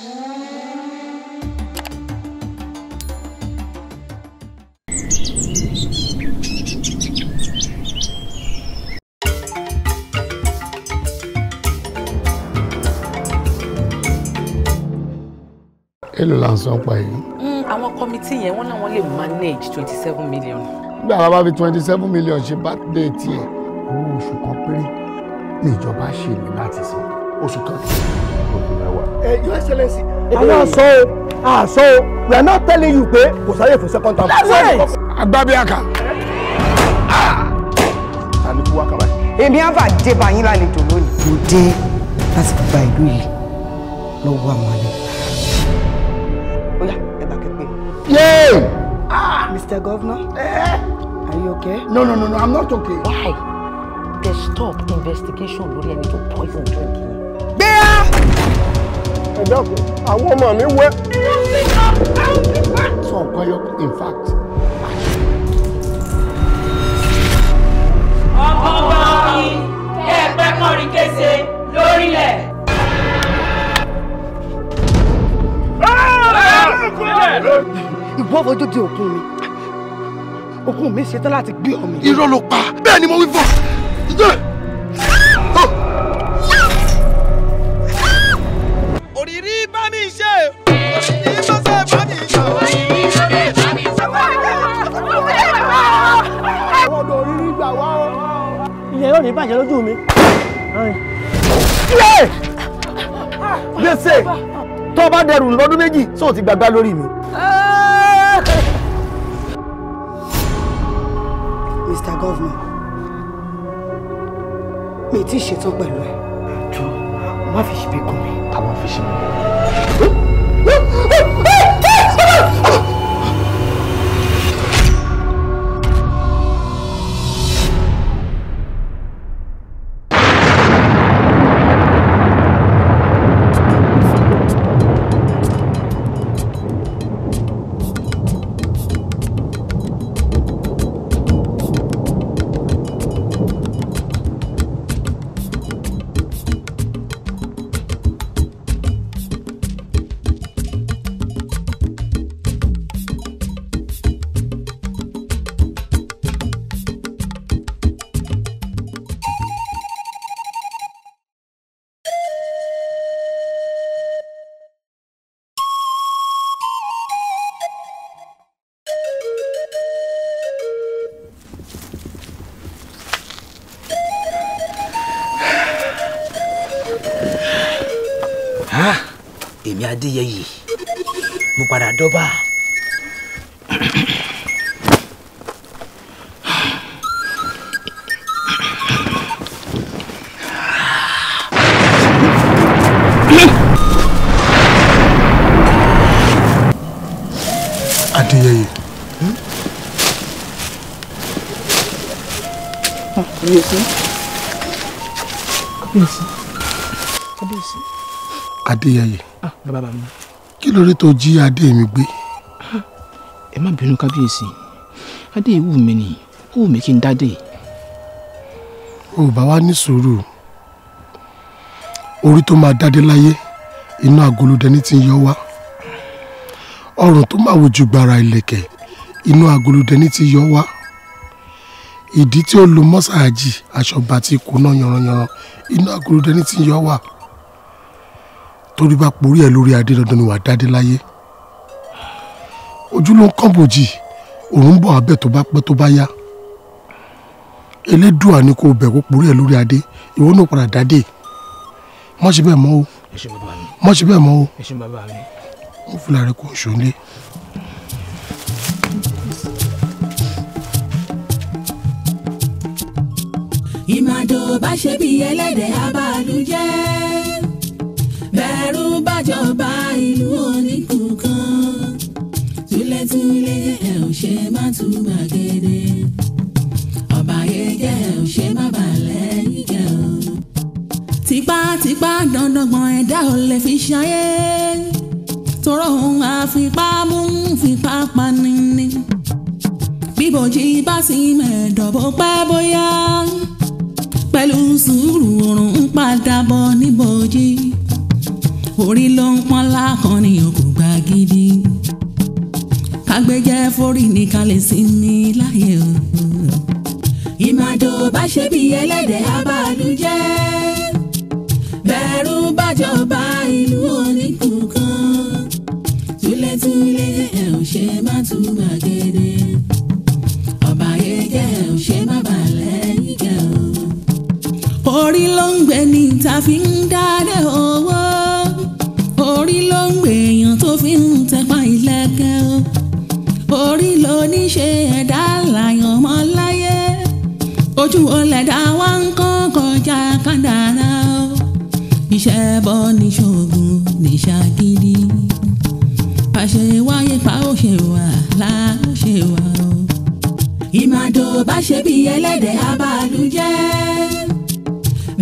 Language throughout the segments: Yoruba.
èlò là ń san pa yìí. Hmm, àwọn kọmitì yẹn wọ́n láwọn lè manage twenty seven million. nígbà tá a bá fi twenty seven million ṣe birthday tiẹ̀ owó oṣù kan péré ní ìjọba ṣèlú láti san oṣù kan. Eh, your excellency. Eh, àwọn aṣọ eh, o aṣọ o we are not telling you pé kò sáyè fún second term. that's it. agbábíàkà. Ah! tani kú wá kaba yìí. èmi àbá dé báyìí lálejò lónìí. mo dé láti gba ìlú yìí lọ́wọ́ àwọn àlejò. ó yá ẹ bá kẹ́pẹ́. yéé. Ah! Mr. Governor, Eh. are you okay? No, no, no, no, I'm not okay. Why? They stopped investigation lórí ẹni tó poison drink yìí ẹ dákun àwọn ọmọ mi wẹ. sọ nǹkan yọ in fact. ọkọ wa ni kẹ ẹ pẹ kọrin kése lórílẹ̀. Ah! ìwọ fojú di òkun mi òkun mi ṣetán láti gbé ọ mi. irọ́ ló pa bẹ́ẹ̀ ni mo wí fún ọ. bàjẹ́ lójú mi. gbèsè tó o bá dẹrù lọ́dún méjì tó o ti gbàgbá lórí mi. Mr. Governor mi ti ṣetán pẹ̀lú ẹ̀. jù má fi ṣe bí gùn mi. fi ṣe mí. adéyẹyè mo padà dọ́bà. adéyẹyè. kábíyèsí kábíyèsí kábíyèsí. adéyẹyè bàbá mi. kí ló dé tó jí adé mi gbé. ẹ má bínú kábíyèsí adé wù mí ni ó wù mí kí n dádé. o bá wa ní sùúrù orí tó máa dádé láyé inú agolodẹni ti ń yọ wá ọrùn tó máa wojú gbàrà ìlẹ̀kẹ̀ inú agolodẹni ti yọ wá ìdí tí ó lo mọ́sáàjì aṣọ bàtí kùnà yanranyanran inú agolodẹni ti yọ wá torí bá porí ẹ lórí adé dandan ni wà á dádé láyé ojú ló ń kàn bòjì òun bọ̀ abẹ́ tó bá pẹ́ tó bá yá elédùà ni kò bẹ̀ kó porí ẹ lórí adé ìwọ náà padà dádé má ṣe bẹ́ẹ̀ mọ́ o má ṣe bẹ́ẹ̀ mọ́ o mo fi lára kó oṣù nílé. ìmàdò bá ṣe bí ẹlẹ́dẹ̀ẹ́ abàlú jẹ́. àtúgbàgede ọba yege ò ṣe má balẹ̀ yíyẹ o. tipátipá dandangbọ̀n ẹ̀dá ò lè fi ṣayé tọrọ ohun àfipá mú fipá pani ni bíbòjì bá sì mẹ́ẹ̀dọ̀bọ̀ pẹ́ bóyá pẹ̀lú sùúrù oòrùn ń padà bọ̀ níbòjì orí ló ń pọ́n lákàn òkú gbàgídí agbẹjẹ forí ní kalẹ̀ sí mi láàyè o. ìmàdò bá ṣe bí ẹlẹ́dẹ̀ abàlújẹ́ bẹ̀rù bàjọba ìlú oníkùnkan túlẹ̀túlẹ̀ ẹ̀ ò ṣe má tún gbàgede ọba yẹgẹ ẹ̀ ò ṣe má balẹ̀ yígẹ o. orí ló ń gbé ni ta fi ń dáadé owó orí ló ń gbèèyàn tó fi ń tẹpá ìlẹ̀kẹ̀ orí ló ní ṣe ẹ̀dá làyàn mọ́ láyé ojú ọlẹ́dá wa ń kọ́ kọjá kádàrá o iṣẹ́ bọ́ ní ṣoògùn ní ṣàgídí àṣẹ wáyé pa ó ṣe wà láó ṣe wà o. ìmàdò bá ṣe bí ẹlẹ́dẹ̀ abàlújẹ́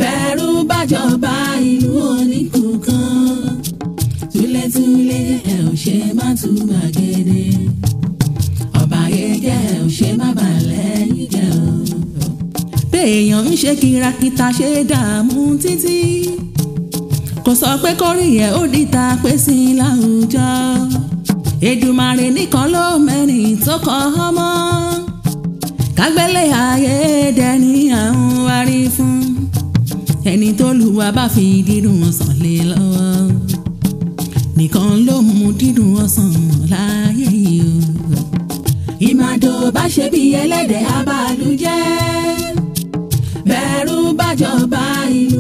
bẹ̀rù bàjọba ìlú oníkùn kan túlẹ̀túlẹ̀ ẹ̀ ò ṣe má tún gbàgede ṣe má balẹ̀ yín jẹ́ o. béèyàn ń ṣe kìrakìta ṣe dààmú títí kò sọ pé kórì yẹ ó dìta pé sí i láwùjọ Èdùmàrè nìkan ló mẹ́rin tó kọ́ ọmọ kágbélé ayé dẹni àwọn wárí fún ẹni tó lùwà bá fi dídùn ọsàn lé lọ́wọ́ nìkan ló mú dídùn ọsàn mọ̀ láyé yìí o ìmàdò bá ṣe bí ẹlẹ́dẹ̀ abàlú bẹ̀rù bàjọba ìlú.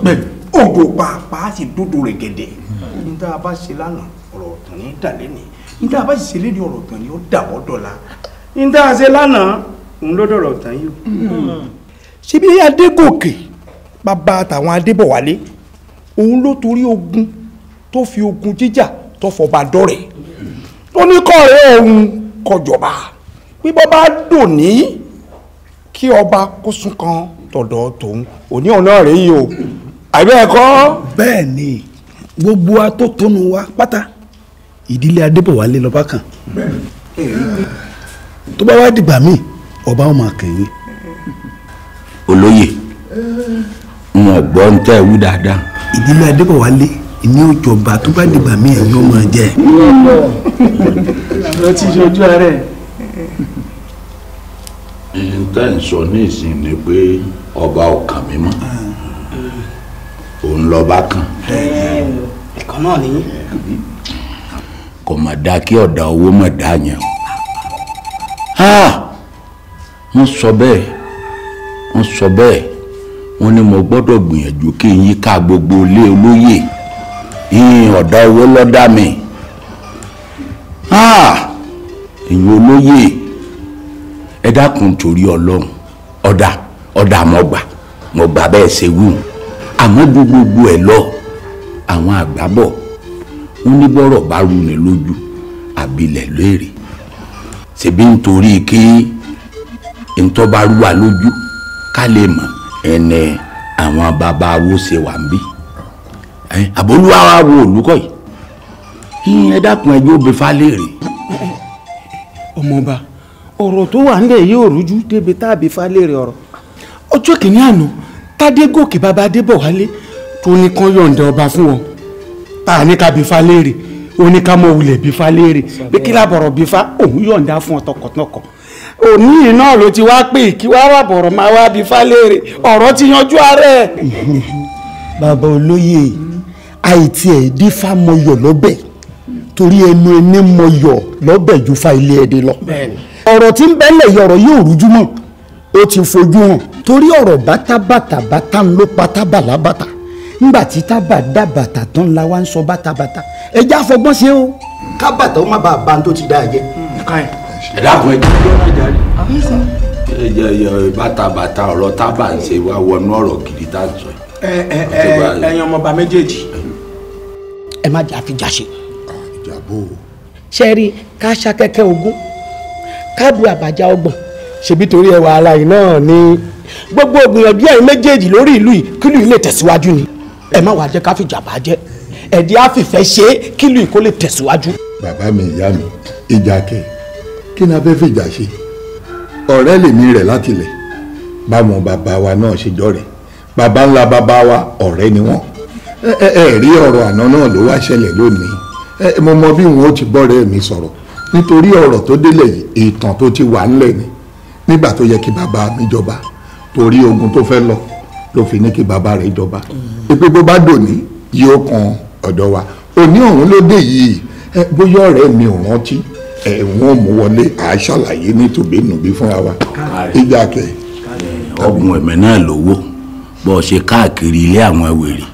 òjò pàápàá sì dúdú rẹ̀ gẹ̀dẹ̀ ní tá a bá ṣe lánàá ọ̀rọ̀ ọ̀tàn ní dàlẹ́ ni ní tá a bá ṣe lédi ọ̀rọ̀ ọ̀tàn ni ó dàbọ̀ dọ̀la ní tá a ṣe lánàá òun ló dọ̀rọ̀ ọ̀tàn yìí ṣebí adégòkè bàbá àtàwọn adébọ̀wálé òun ló torí ogun tó fi ogun jíjà tó fọba dọ̀rẹ̀ tó ní kọ́ọ̀rẹ́ òun kọjọba pípọ́ bá dòní kí ọba kó sún kan tọ̀dọ̀ tòun òní ọ̀nà rẹ̀ yìí o àbẹ́ ẹ̀kọ́. bẹ́ẹ̀ ni gbogbo atótónu wa pátá ìdílé adébọ̀wálé lọ́ba kan tó bá wá dìgbà míì ọba ọmọ akẹ́yìn. olóyè wọn gbọ́ ń tẹ́ ewu dáadáa. ìdílé adébọ̀wálé ní òjọba tó bá dìgbà míì ẹ̀yọ́ máa jẹ. ọ̀rọ̀ ti ṣojú ara ẹ̀ n tẹ́ ń sọ ní ìsìn ni pé ọba ọkàn mi mọ́ òun lọ́ba kan. ẹ̀kọ́ náà ni. kò mà dáa kí ọ̀dà owó mà dáa yẹn o wọ́n sọ bẹ́ẹ̀ wọ́n sọ bẹ́ẹ̀ wọ́n ní mo gbọ́dọ̀ gbìyànjú kí n yí ká gbogbo ilé olóyè ìyìn ọ̀dà owó lọ́dà mi ìyìn olóyè. Ah, ẹ dákun torí ọlọ́run ọ̀dà ọ̀dà mọ̀ gbà mọ̀ gbà bẹ́ẹ̀ ṣe wù ú àmọ́ gbogbo ẹ̀ lọ àwọn àgbábọ̀ wọn ní bọ́rọ̀ bá rú ni lójú àbílẹ̀ léèrè ṣèbí nítorí kí ntọ́ bá rú wa lójú ká lè mọ̀ ẹnẹ àwọn bàbá wo ṣe wà ń bí àbólúwa wa wo olùkọ́ yìí ẹ dákun ẹjọ́ òbí falẹ̀ rè. ọmọọba ọ̀rọ̀ tó wà nílẹ̀ yìí ò rújú débi táàbí falẹ̀rẹ̀ ọ̀rọ̀ ọjọ́ kìíní àná tádégòkè bàbá adébọ̀wálé tó ní kán yọ̀ǹda ọba fún wọn a ní ká bí falẹ̀rẹ̀ ó ní ká mọ wulẹ̀ bí falẹ̀rẹ̀ bí kí lábọ̀rọ̀ bí fa òun yọ̀ǹda fún ọ tọkọtọkọ òní náà ló ti wá pè kí wá ràbọ̀rọ̀ máa wá bí falẹ̀rẹ̀ ọ̀rọ̀ ti yanjú ara ẹ̀. bàbá olóyè àìtí ẹ̀ dífá mọyọ̀ lọ́bẹ̀ torí ẹnu ẹni mọyọ̀ lọ́bẹ̀ ju fa ilé ẹ̀dẹ̀ lọ. bẹ́ẹ̀ni ọ̀rọ̀ tí ń bẹ́lẹ̀ yìí ọ̀rọ̀ yóò rújú mọ́ ó ti fojú hàn torí ọ̀rọ̀ bátábàtà bátá ń ló pátá bàlábàtà ńgbà tí tábà dá bàtà tán la wá ń sọ ṣe o kábàtà ó má bàa tó ti dáa jẹ. ẹ ẹ jẹ́ ẹ bátabàtà ọ̀rọ̀ tábà ẹ má jà fi jà ṣe. ṣe rí ogún káàbù àbàjá ọgbọ̀n ṣebí torí ẹwà ara yìí náà ni gbogbo ògbìyànjú ẹ̀yin méjèèjì lórí ìlú yìí kílù yìí lè tẹ̀síwájú ni ẹ má wàá jẹ́ ká fìjà bá jẹ́ ẹ̀dí àfìfẹ́ ṣe é kílù yìí kó lè tẹ̀síwájú. bàbá mi ìyá mi ìjà kẹ kí ni a fẹ́ fìjà ṣe ọ̀rẹ́ lèmi rẹ̀ látilẹ̀ báwọn bàbá wa náà ṣe jọ rẹ̀ bàbá ńlá bàbá wa ọ̀rẹ́ ni wọ́n ẹ ẹ rí ọ̀rọ̀ àná náà ló wá ṣẹlẹ̀ lónìí mo mọ bí wọn ó ti bọ́rẹ̀ mi sọ̀rọ̀ nítorí ọ̀rọ̀ tó délẹ̀ yìí ìtàn tó ti wà ńlẹ̀ ni nígbà tó yẹ kí bàbá mi jọba torí ogun tó fẹ́ lọ ló fi ní kí bàbá rẹ̀ jọba ipe bó bá dòní yóò kan ọ̀dọ̀ wa òní ọ̀hún ló dé yìí bóyá ọ̀rẹ́ mi ò rántí ẹ̀wọ̀n mú wọlé àṣàlàyé nítòbínúbí fúnra wa ìjà kẹ. ọgbọ̀n ẹ̀mẹ́ náà lówó bó ṣe káàkiri ilé àwọn ẹ̀wèrè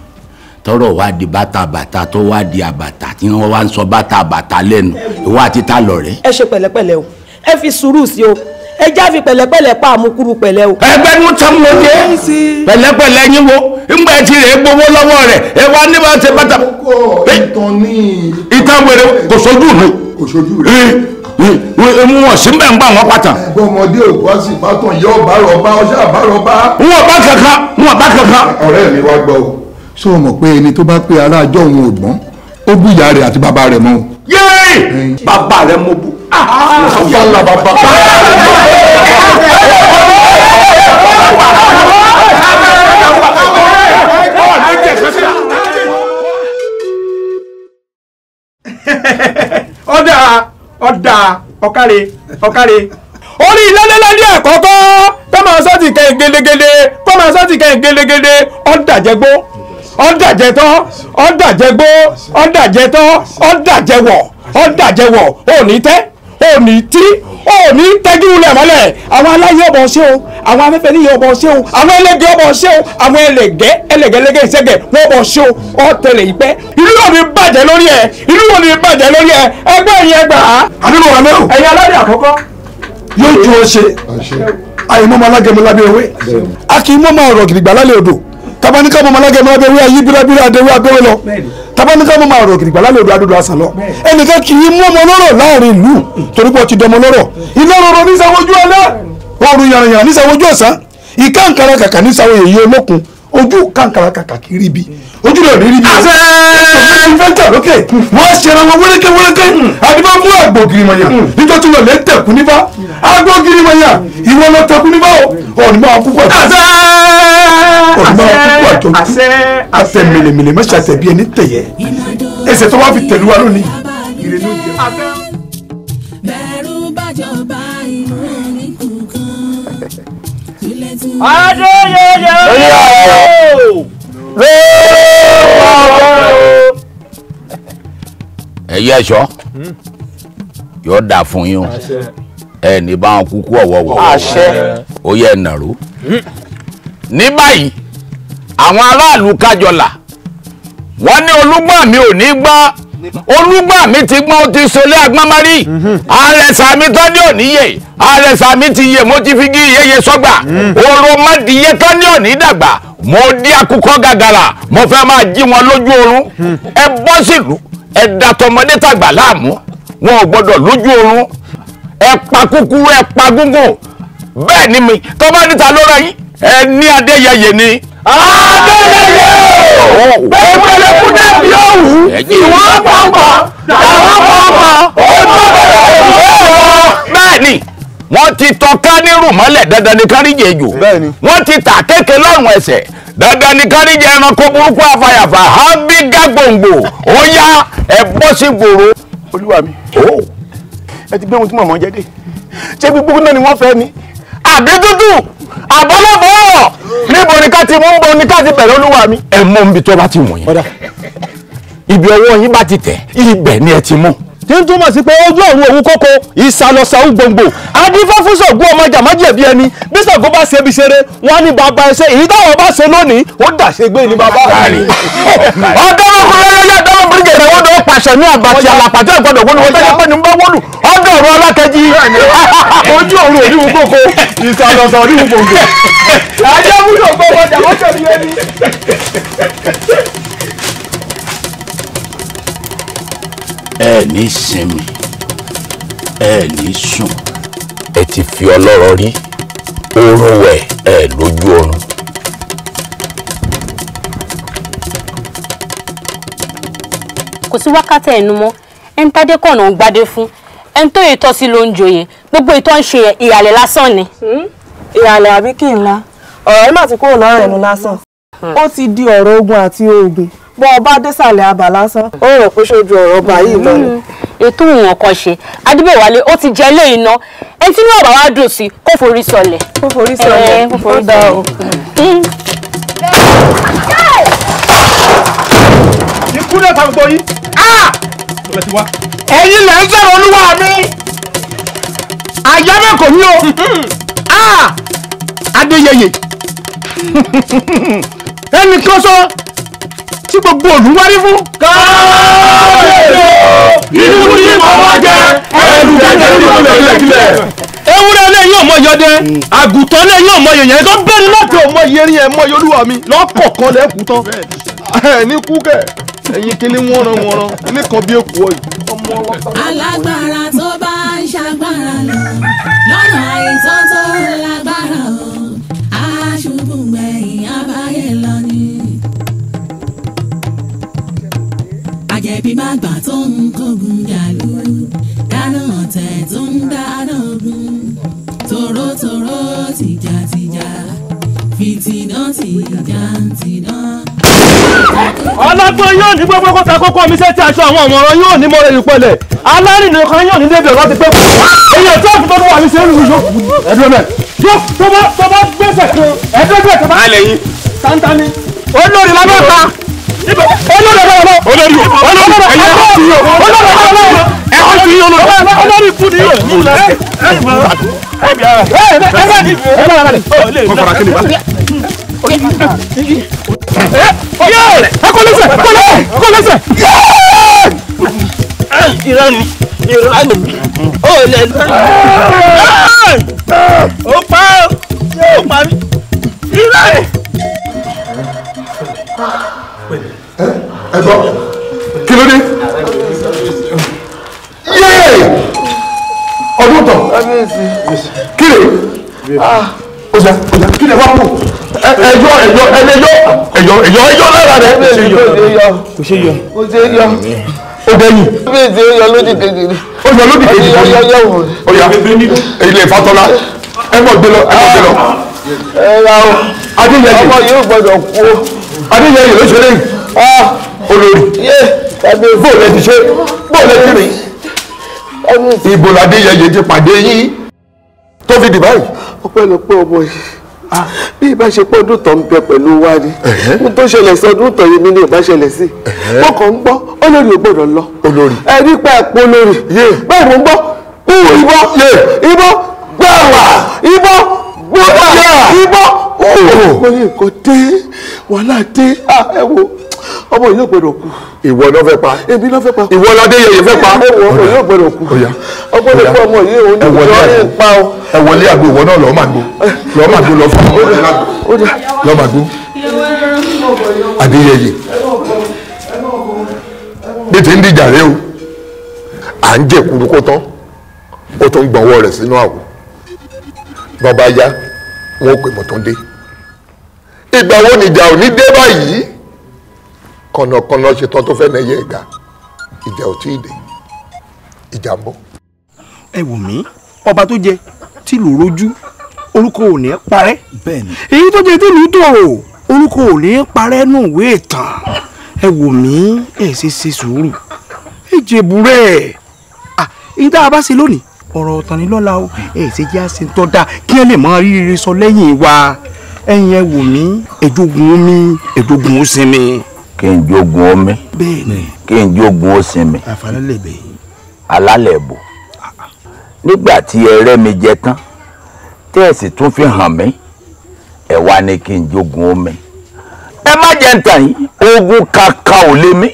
tọrọ wá di bàtà bàtà tó wá di àbàtà tí wọn wá ń sọ bàtà bàtà lẹ́nu ìwọ àti ta lọ̀rẹ́. ẹ ṣe pẹ̀lẹ́pẹ̀lẹ́ o ẹ fi sùúrù sí o ẹ já fi pẹ̀lẹ́pẹ̀lẹ́ pa àmukuru pẹ̀lẹ́ o. ẹgbẹ́ ní tán mo dé pẹ̀lẹ́pẹ̀lẹ́ yín wo ńgbà tí rè é gbowó lọ́wọ́ rẹ̀ ẹ wá ní bá ṣe bàtà. ìtàn wèrè kò sojú mi. kò wọn sì ń ń gbà wọ́n pàtàn. ẹgbẹ́ ọmọdé ò wá sí ìbátan yọ ọba rọba ọṣẹ àbárọba. wọn bá kankan wọn bá kankan. ọ̀rẹ́ mi wá gbọ́ o ṣé o mọ̀ pé ẹni tó bá pé aráàjọ òun ò gbọ́n ó bú ìyá rẹ̀ àti bàbá rẹ̀ mọ́ o. yéè bàbá rẹ̀ mo bú. yàrá ah! bàbá. ọ̀dà ọ̀dà ọ̀kàrẹ̀ ọ̀kàrẹ̀ orí ìlẹ́lẹ́lẹ́dí ẹ̀kọ́kọ́ kọ́ máa sọ́ọ̀tì kẹ́hìn gédégédé kọ́ máa sọ́ọ̀tì kẹ́hìn gédégédé ọ̀dà jẹ́gbó ọ̀dàjẹtọ́ ọ̀dàjẹgbó ọ̀dàjẹtọ́ ọ̀dàjẹwọ̀ ọ̀dàjẹwọ̀ òní tẹ́ òní tí òní tẹ́jú lẹ̀ mọ́lẹ̀ àwọn aláyé ọ̀bọ̀ ṣé o àwọn afẹ́fẹ́ níyẹ ọ̀bọ̀ ṣé o àwọn ẹlẹ́gẹ́ ọ̀bọ̀ ṣé o àwọn ẹlẹ́gẹ́ ẹlẹ́gẹ́lẹ́gẹ́ ìṣẹ́gẹ̀ wọ́n ọ̀bọ̀ ṣé o ọ̀tẹlẹ̀ ìpẹ́ ìlú yóò ní bàjẹ́ lórí ẹ̀ ìlú yóò ní bàjẹ́ lórí ẹ̀ ẹgbẹ́ ìyẹn gbà á. àdúgbò wa mẹ́rù. ẹ̀yin aládé àkọ́kọ́. yóò ju ọ ṣe àyè mọ́mọ́ alágẹ̀mọ́ lábẹ́ ewé. a kì í mọ́mọ́ ọ̀rọ̀ gidigba lálẹ́ odò tabanika mọ malage mọ abẹwé ayé bírábírá adéwé abẹwé lọ tabanika mọ máa rọ gidigba lálẹ́ odò adúdó àṣà lọ ẹnìkan kì í mú ọmọ mo láàrin ìlú torí Tori po ti dọmọ lọ́rọ̀ iná rọrọ nísàwójú alẹ́ ọrùn yàrìnyàrìn nísàwójú ọ̀sán ìkàǹkàrà kàkà nísàwóyè yìí olókun ojú kàǹkàrà kàkàkiri ibi ojú rẹ̀ rí ibi ọ̀sẹ̀ ìfẹ́ntà lókè hmm. wọ́n ṣẹra wọn wéréké wéréké hmm. àdìbò fún àgbògìrìmọ̀yà hmm. nítorí wọn lè tẹ̀kú nífà àgbògìrìmọ̀yà ìwọ lọ tẹ̀kú nífà o ọ̀nì máa púpọ̀ àjọ ọ̀nì máa púpọ̀ àjọ àtẹ mèlèmèlè mẹ́sà àtẹ̀bí ẹni tẹ̀yẹ ẹsẹ̀ tó wá fi tẹ̀lú wa lónìí ìrẹ̀lú jẹ. bẹ̀rù bàjọba adéyẹyẹ ooo ẹyẹ ẹṣọ yóò dà fún yín o ẹ ní báwọn kúkú ọwọwọ ó yẹ nàró ní báyìí àwọn aráàlú kájọlà wọn ní olúgbọn mi ò ní gbọ́ olúgbà mi ti gbọ́n ti solé agbọ́nmọ́rí àrẹ̀sà mi tọ́jú òníyè àrẹ̀sà mi ti yè mo ti fi gí iyeye sọ́gbà oró mọ́dìyẹ tọ́jú òní dàgbà mo dí akúkọ gàgàrà mo fẹ́ máa jí wọn lójú oorun ẹ bọ́ sílùú ẹ dàtọmọdé tàgbà láàmú wọn ò gbọ́dọ̀ lójú oorun ẹ pa kúkúrú ẹ pa gúngùn bẹ́ẹ̀ ni mi tọ́ bá níta lóra yín ẹ ní adéyẹyẹ ni abẹ́rẹ́ yóò pẹ̀lú ẹ̀kúndé bí ó wù ìwọ pọ̀npọ̀ àwọn pọ̀npọ̀ ojú ọ̀bẹ̀rẹ̀ òwúrọ̀ wọn. bẹ́ẹ̀ni wọ́n ti tọ kánírù mọ́lẹ̀ dandan ni káríjẹ jù wọ́n ti tà kéèké lọ́rùn ẹsẹ̀ dandan ni káríjẹ ẹranko burúkú afàyàfà ábígá gbòǹgbò ó yá ẹ bọ́ sí gbòòrò. olúwa mi oh. ẹ ti gbé ohun tí mọ̀mọ́ jẹ́ dé ṣé gbogbo náà ni wọ́n fẹ́ ni àbí dúdú àbọ́lọ́bọ́ níbo ni ká ti mú níbo ni ká ti bẹ̀rẹ̀ olúwa mi. ẹ mọ ibi tó bá ti wọ̀nyí ibi ọwọ́ yín bá ti tẹ̀ ibẹ̀ ni ẹ ti mú. tí ń túmọ̀ sí pé ojú ọ̀run òun kókó ìsàlọ̀sàún gbòǹgbò adífáfúsọ̀ gún ọmọ jàmájẹ̀bi ẹni bí bá ṣe ṣeré wọn bàbá ẹṣẹ èyí táwọn bá ṣe lónìí ó dàṣe gbé ní bàbá rẹ. ọdún ọkùnrin lórí ẹjọ́ ló bíríkì rẹ̀ pàṣẹ ní àbàtì àlàpàtì bá ojú òní wù kókó òní wù gbòǹgbò. ẹ ní sinmi ẹ ní sùn. ẹ ti fi ọlọ́rọ̀ rí oorun wẹ̀ ẹ lójú oorun. kò sí wákàtí ẹnu mọ́ ẹni tádé kọ̀nà ń gbádé fún ẹni tó yẹ tọ́ sí ló ń joyè gbogbo ìtọ́ ń ṣe ìyàlẹ̀ lásán ni. Hmm? ìyàlẹ̀ àbí kí n la ọ̀rọ̀ ẹ̀ má ti kúrò lọ́rọ̀ ẹnu lásán hmm. ó ti di ọ̀rọ̀ ogun àti oògùn bọ́ ọba désàlẹ̀ abà lásán ó rò pé ṣojú ọ̀rọ̀ ọba yìí lọ ni. Mm-hmm. ètò ìwọ̀n kan ṣe adébẹ̀wálé ó ti jẹ́ ilé iná ẹni tí wọ́n bá wá dùn sí kó forí sọlẹ̀. kó forí sọlẹ̀ eh, kó forí dá o. Mm-hmm. ikú náà ta gbogbo yín. Ah! ẹ̀yin lẹ́ ń sọ̀rọ̀ olúwa mi àyàbẹ̀ kò ní o ah! adéyẹyẹ ẹnì kan sọ tí gbogbo òlù wárí fún. káàbíyèsí inú ní màmá jẹ ẹrù jẹjẹ ní ọmọ ìlẹ̀kílẹ̀. ewúrẹ́ lẹ́yìn ọmọ yọdẹ àgùntàn lẹ́yìn ọmọ yẹ̀yẹ́ tó bẹ́ẹ̀ láti ọmọ yẹrin ẹ̀ mọ yorùbá mi lọ́kọ̀ọ̀kan lẹ́kùn tán ẹ̀ ní kúkẹ́ ẹ̀yin kíní wọ́nran wọ́nran ní kan bí èkó yìí. alágbára tó bá ń ṣàgbára lọ. bí bàgbà tó ń kógun jàlú dáná ọ̀tẹ̀ tó ń dáná ogun tòrótòró tìjàtìjà fìtìdán tìjàntìdán ọlọ́gbọ́n yóò ní gbogbo kó takókó mi sẹ́tí aṣọ àwọn ọ̀mọ̀ràn yóò ní mọ̀rẹ́ ìpẹlẹ̀ alárìnà kan yóò ní débi ọ̀rọ̀ ti pẹ́ kú èyí ọ̀tọ́ àti tọ́jú wà mí sí olùwùjọ ẹ̀dùn mẹ́ yóò tó bá gbèsè kan ẹ̀dùn mẹ́ tó bá. alẹ́ yìí. tántání. olórí lábẹ́ ta olórí olórí ẹ̀yẹ ẹ̀kọ́ ti yọ ẹ̀kọ́ ti yọ olórí olórí kú ni yóò múlẹ̀ ẹ̀ ẹ̀ ẹ̀ ẹ̀ ẹ̀ ẹ̀ Ẹ̀kọ́ lẹ́sẹ̀ ẹ̀kọ́ lẹ́sẹ̀. Ìrọ̀lì ìrọ̀lì ó lẹ̀ lọ́rùn. Ó pa ó pa mí. Ìrọ̀lì. ẹ gbọ́ kí ló dé yéé ọdún tọ̀ kí lè ọjà ọjà kí lè wá kú ẹjọ ẹjọ ẹjọ ẹjọ ẹjọ ẹjọ lára rẹ kò ṣe yọ kò ṣe yọ kò ṣe yọ o bẹyìn. bẹ́ẹ̀ ti yọ lódì kejì ni. o yọ lódì kejì ni. o yà ilé ìfatọ́lá ẹ mọ̀ gbé lọ ẹ mọ̀ gbé lọ. ẹ ra o ọmọ yìí ò gbọdọ̀ kú o. adéyẹyẹ ló ṣe léyìn. Ah, olórí bó lẹ ti ṣe bó lẹ ti rìn ibo ládé yẹyẹ ti pàdé yín tó fi dì báyìí. ọpẹ́lọpẹ́ ọmọ yìí ah. bí ìbáṣepọ̀ ọdún tó ń bẹ pẹ̀lú wa ni mo tó ṣẹlẹ̀ sí ọdún tó yẹ mí ní ìbáṣẹlẹ̀ sí mo kàn ń gbọ́ olórí ò gbọ́dọ̀ lọ olórí ẹ nípa ẹ̀pọ̀ olórí bẹ́ẹ̀ mo ń gbọ́ ìwọ ìbọn ìbọn gbàwà ìbọn gbọ́dọ̀ ìbọn mo ní nǹkan dé wàhálà dé ah, ẹ wo ọmọ yìí ò gbọdọ̀ kú. ìwọ ló fẹ́ pa. èmi ló fẹ́ pa. ìwọ ló dé yẹyẹ fẹ́ pa. ọmọ yìí ò gbọdọ̀ kú. ọmọ yìí fún ọmọ yìí òun ni ìjọ yìí pa o. ẹ wọlé àgbo ìwọ náà lọ́ọ́ màgbó lọ́ọ́ màgbó lọ́ọ́ fún ọmọ yìí lágbo lọ́ọ́ màgbó. adéyẹyẹ bí ti ń dìjà rẹ o à ń jẹ kúrú kó tán ó tún gbọ̀nwọ́ rẹ̀ sínú àwò bàbá ya wọn ò pè mọ̀ tó ń ìgbà wo nìjà ò ní dé báyìí kọ̀nàkọ̀nà ṣetán tó fẹ́ nẹyẹ ìgà ìjà ò tí ì dé ìjà ń bọ̀. ẹ wò mí ọba tó jẹ tìlù rojú orúkọ ò ní parẹ́ èyí tó jẹ tìlù tòrò orúkọ ò ní parẹ́ nù ìwé ìtàn ẹ wò mí ẹ ṣe ṣe sùúrù ẹ jẹ búrẹ́ ah èyí tá a bá ṣe lónìí ọ̀rọ̀ ọ̀tànilọ́la o ẹ ṣe jẹ́ àṣẹ tó dáa kí ẹ lè mọ rírire sọ lẹ́yìn wa ẹ̀yin ẹ wò mí ẹ̀dógún mi ẹ̀dógún ó sinmi kí n jogun omi kí n jogun osinmi alálẹ̀ bò nígbà tí ẹ rẹ́ mi jẹ tán tí ẹ sì tún fi hàn mí ẹ wá ní kí n jogun omi ẹ má jẹ́ ń tàn yín ogun kankan ò lé mi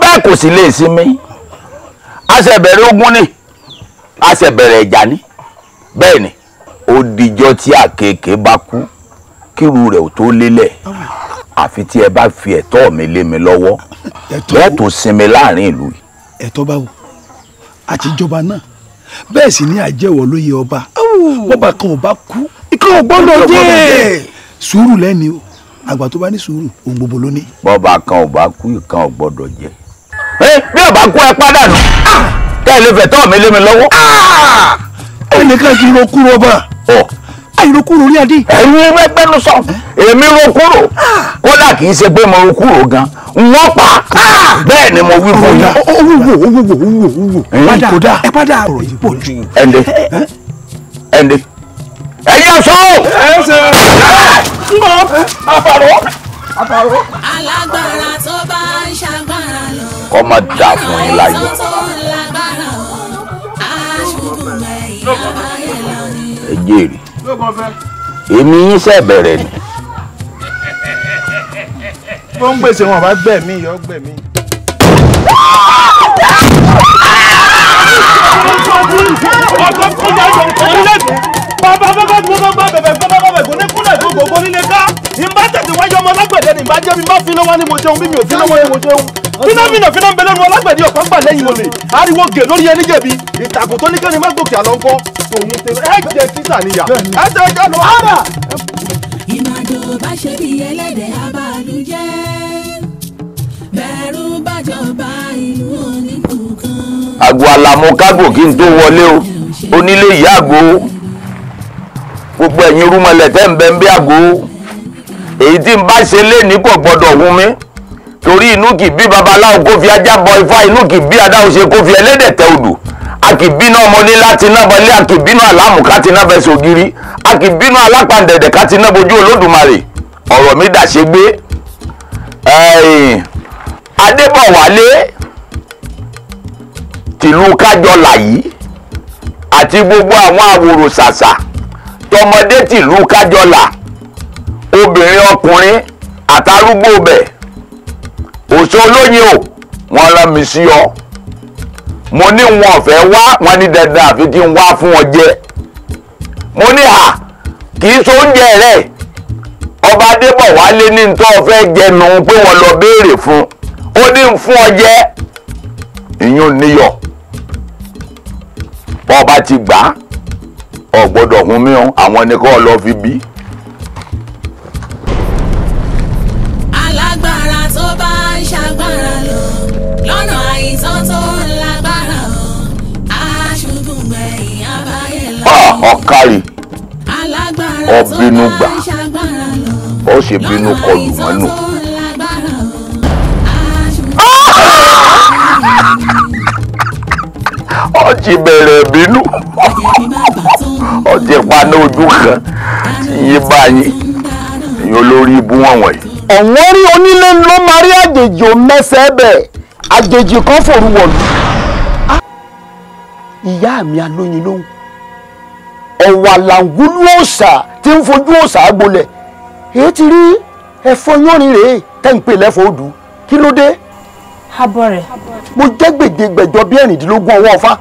bẹ́ẹ̀ kò sì lè sinmi àṣẹbẹ̀rẹ̀ ogun ni àṣẹbẹ̀rẹ̀ ìjà ni bẹ́ẹ̀ ni ó dijọ́ tí àkekèé bá kú kíru rẹ̀ ò tó lélẹ̀. Oh àfi tí ẹ bá fi ẹ̀tọ́ mi lé mi lọ́wọ́ bẹ́ẹ̀ tó sinmi láàrin ìlú yìí. ẹ̀tọ́ báwo àtijọba náà bẹ́ẹ̀ sì ni àjẹwọ̀ lóye ọba bọ́ba kan ò bá kú. ikọ̀ ògbọ́dọ̀ jẹ́ sùúrù lẹ́ni o àgbà tó bá ní sùúrù ohun gbogbo ló ní. bọ́ba kan ò bá kú ìkan ò gbọ́dọ̀ jẹ́. ẹ bí ọba kú ẹ padà nù tẹ́ ẹ lè fẹ̀tọ́ mi lé mi lọ́wọ́. Ah! ẹnìkan kì í ro ọba àìrókúrò orí adé. ẹ̀yin ẹgbẹ́ èmi rokúrò kódà kì í ṣe pé mo rokúrò gan wọ́n pa bẹ́ẹ̀ ni mo wí fún yín. owó wo owó wo owó wo padà ẹ padà ọ̀rọ̀ yìí pọ̀ ju. ẹ̀ndẹ̀ ẹ̀ndẹ̀ ẹ̀yin ọ̀ṣọ́. ẹ̀ṣẹ̀ ńlọ àfàrọ̀ àfàrọ̀. alágbára tó bá ń ṣàgbára lọ. kọ́ máa dà fún yín láyọ̀. ẹ jèrè èmi yín ṣe bẹ̀rẹ̀ ni. tó ń gbèsè wọn bá gbẹ̀mí yọ gbẹ̀mí. ọ̀gá ọ̀gá ọ̀gá ọ̀gá bàbá bàbá bàbá gbogbo nílé ká ìbá tẹ̀síwájú ọmọ alágbẹ̀dẹ ni ìbá jẹ́ mi bá fi lọ́wọ́ ni mo jẹun bí mi ò fi lọ́wọ́ ni mo jẹun fínàmínà fínà ń bẹ lẹ́nu alágbẹ̀dẹ ọ̀pá gbà lẹ́yìn olè ariwo gè lórí ẹni jẹ̀bi ìtàkùn tó ní kẹ́ni má gòkè àlọ́ ńkọ́ tòun tẹ̀lé ẹ jẹ títà níyà ẹ jẹ ẹ jẹ lọ ara. ìmàdò bá ṣe bí ẹlẹ́dẹ̀ abàlújẹ́ bẹ̀rù bàjọba ìlú oníkùn kan. àgọ́ o onílé ìyá gbogbo ẹ̀yin rúmọlẹ̀ tẹ́ ń bẹ ń bí àgó èyí tí n bá ṣe léèní kò gbọ́dọ̀ wù mí torí inú kì í bí babaláwo kó fi ajá bọ ifá inú kì í bí adáwo ṣe kó fi ẹlẹ́dẹ̀ tẹ odò a kì í bínú ọmọdé láti náà bọlé a kì í bínú àlámù ká ti náà bẹ sògiri a kì í bínú alápàǹdẹ̀dẹ̀ ká náà bojú olódùmarè ọ̀rọ̀ mi dàṣe gbé adébọ̀wálé tìlú kájọlà yìí àti gbogbo àwọn àwòrò ṣàṣà tọmọdé tìlú kájọlà obìnrin ọkùnrin àtàrúgbó bẹ̀ òṣò olóyin o wọ́n rán mi sí ọ mo ní wọn fẹ́ wá wọn ní dandan àfi kí n wá fún ọ jẹ mo ní à kì í so oúnjẹ rẹ ọba adébọ̀wálé ní n tó jẹnu pé wọ́n lọ béèrè fún ó ní n fún ọ jẹ ìyún níyọ bọ́ọ̀ ti gbà á gbọ́dọ̀ hun mí O àwọn ẹni kọ́ lọ fi bí. alágbára tó bá ń ṣàgbára lọ lọ́nà àìsàn tó ń lágbára hàn aṣojú gbẹ̀yìn abáyé lọ. Ah, ọ̀kárì ọ̀bínú ó ṣe bínú kọlù mọ́nù. Ah! ọjì bẹ̀rẹ̀ bínú jẹ paná ojú kan tí yín bá yín èyí olórí ibú wọ̀nwọ̀n yìí. ọ̀wọ́n rí onílé ló máa rí àjèjì ò mẹ́sẹ̀ bẹ́ẹ̀ àjèjì kan fòru wọ̀lú. ìyá mi alóyin lóhùn ọ̀wà làǹgùlù òòṣà tí ń fojú òòṣà gbolẹ̀ èyí ti rí ẹ̀fọ́ yánrin rèé tẹ́ ń pè lẹ́fọ́ odù kí ló dé. abọ́ rẹ̀. mo jẹ́ gbèdégbèjọ bí ẹ̀rìndínlógún ọwọ́ ọ̀fà.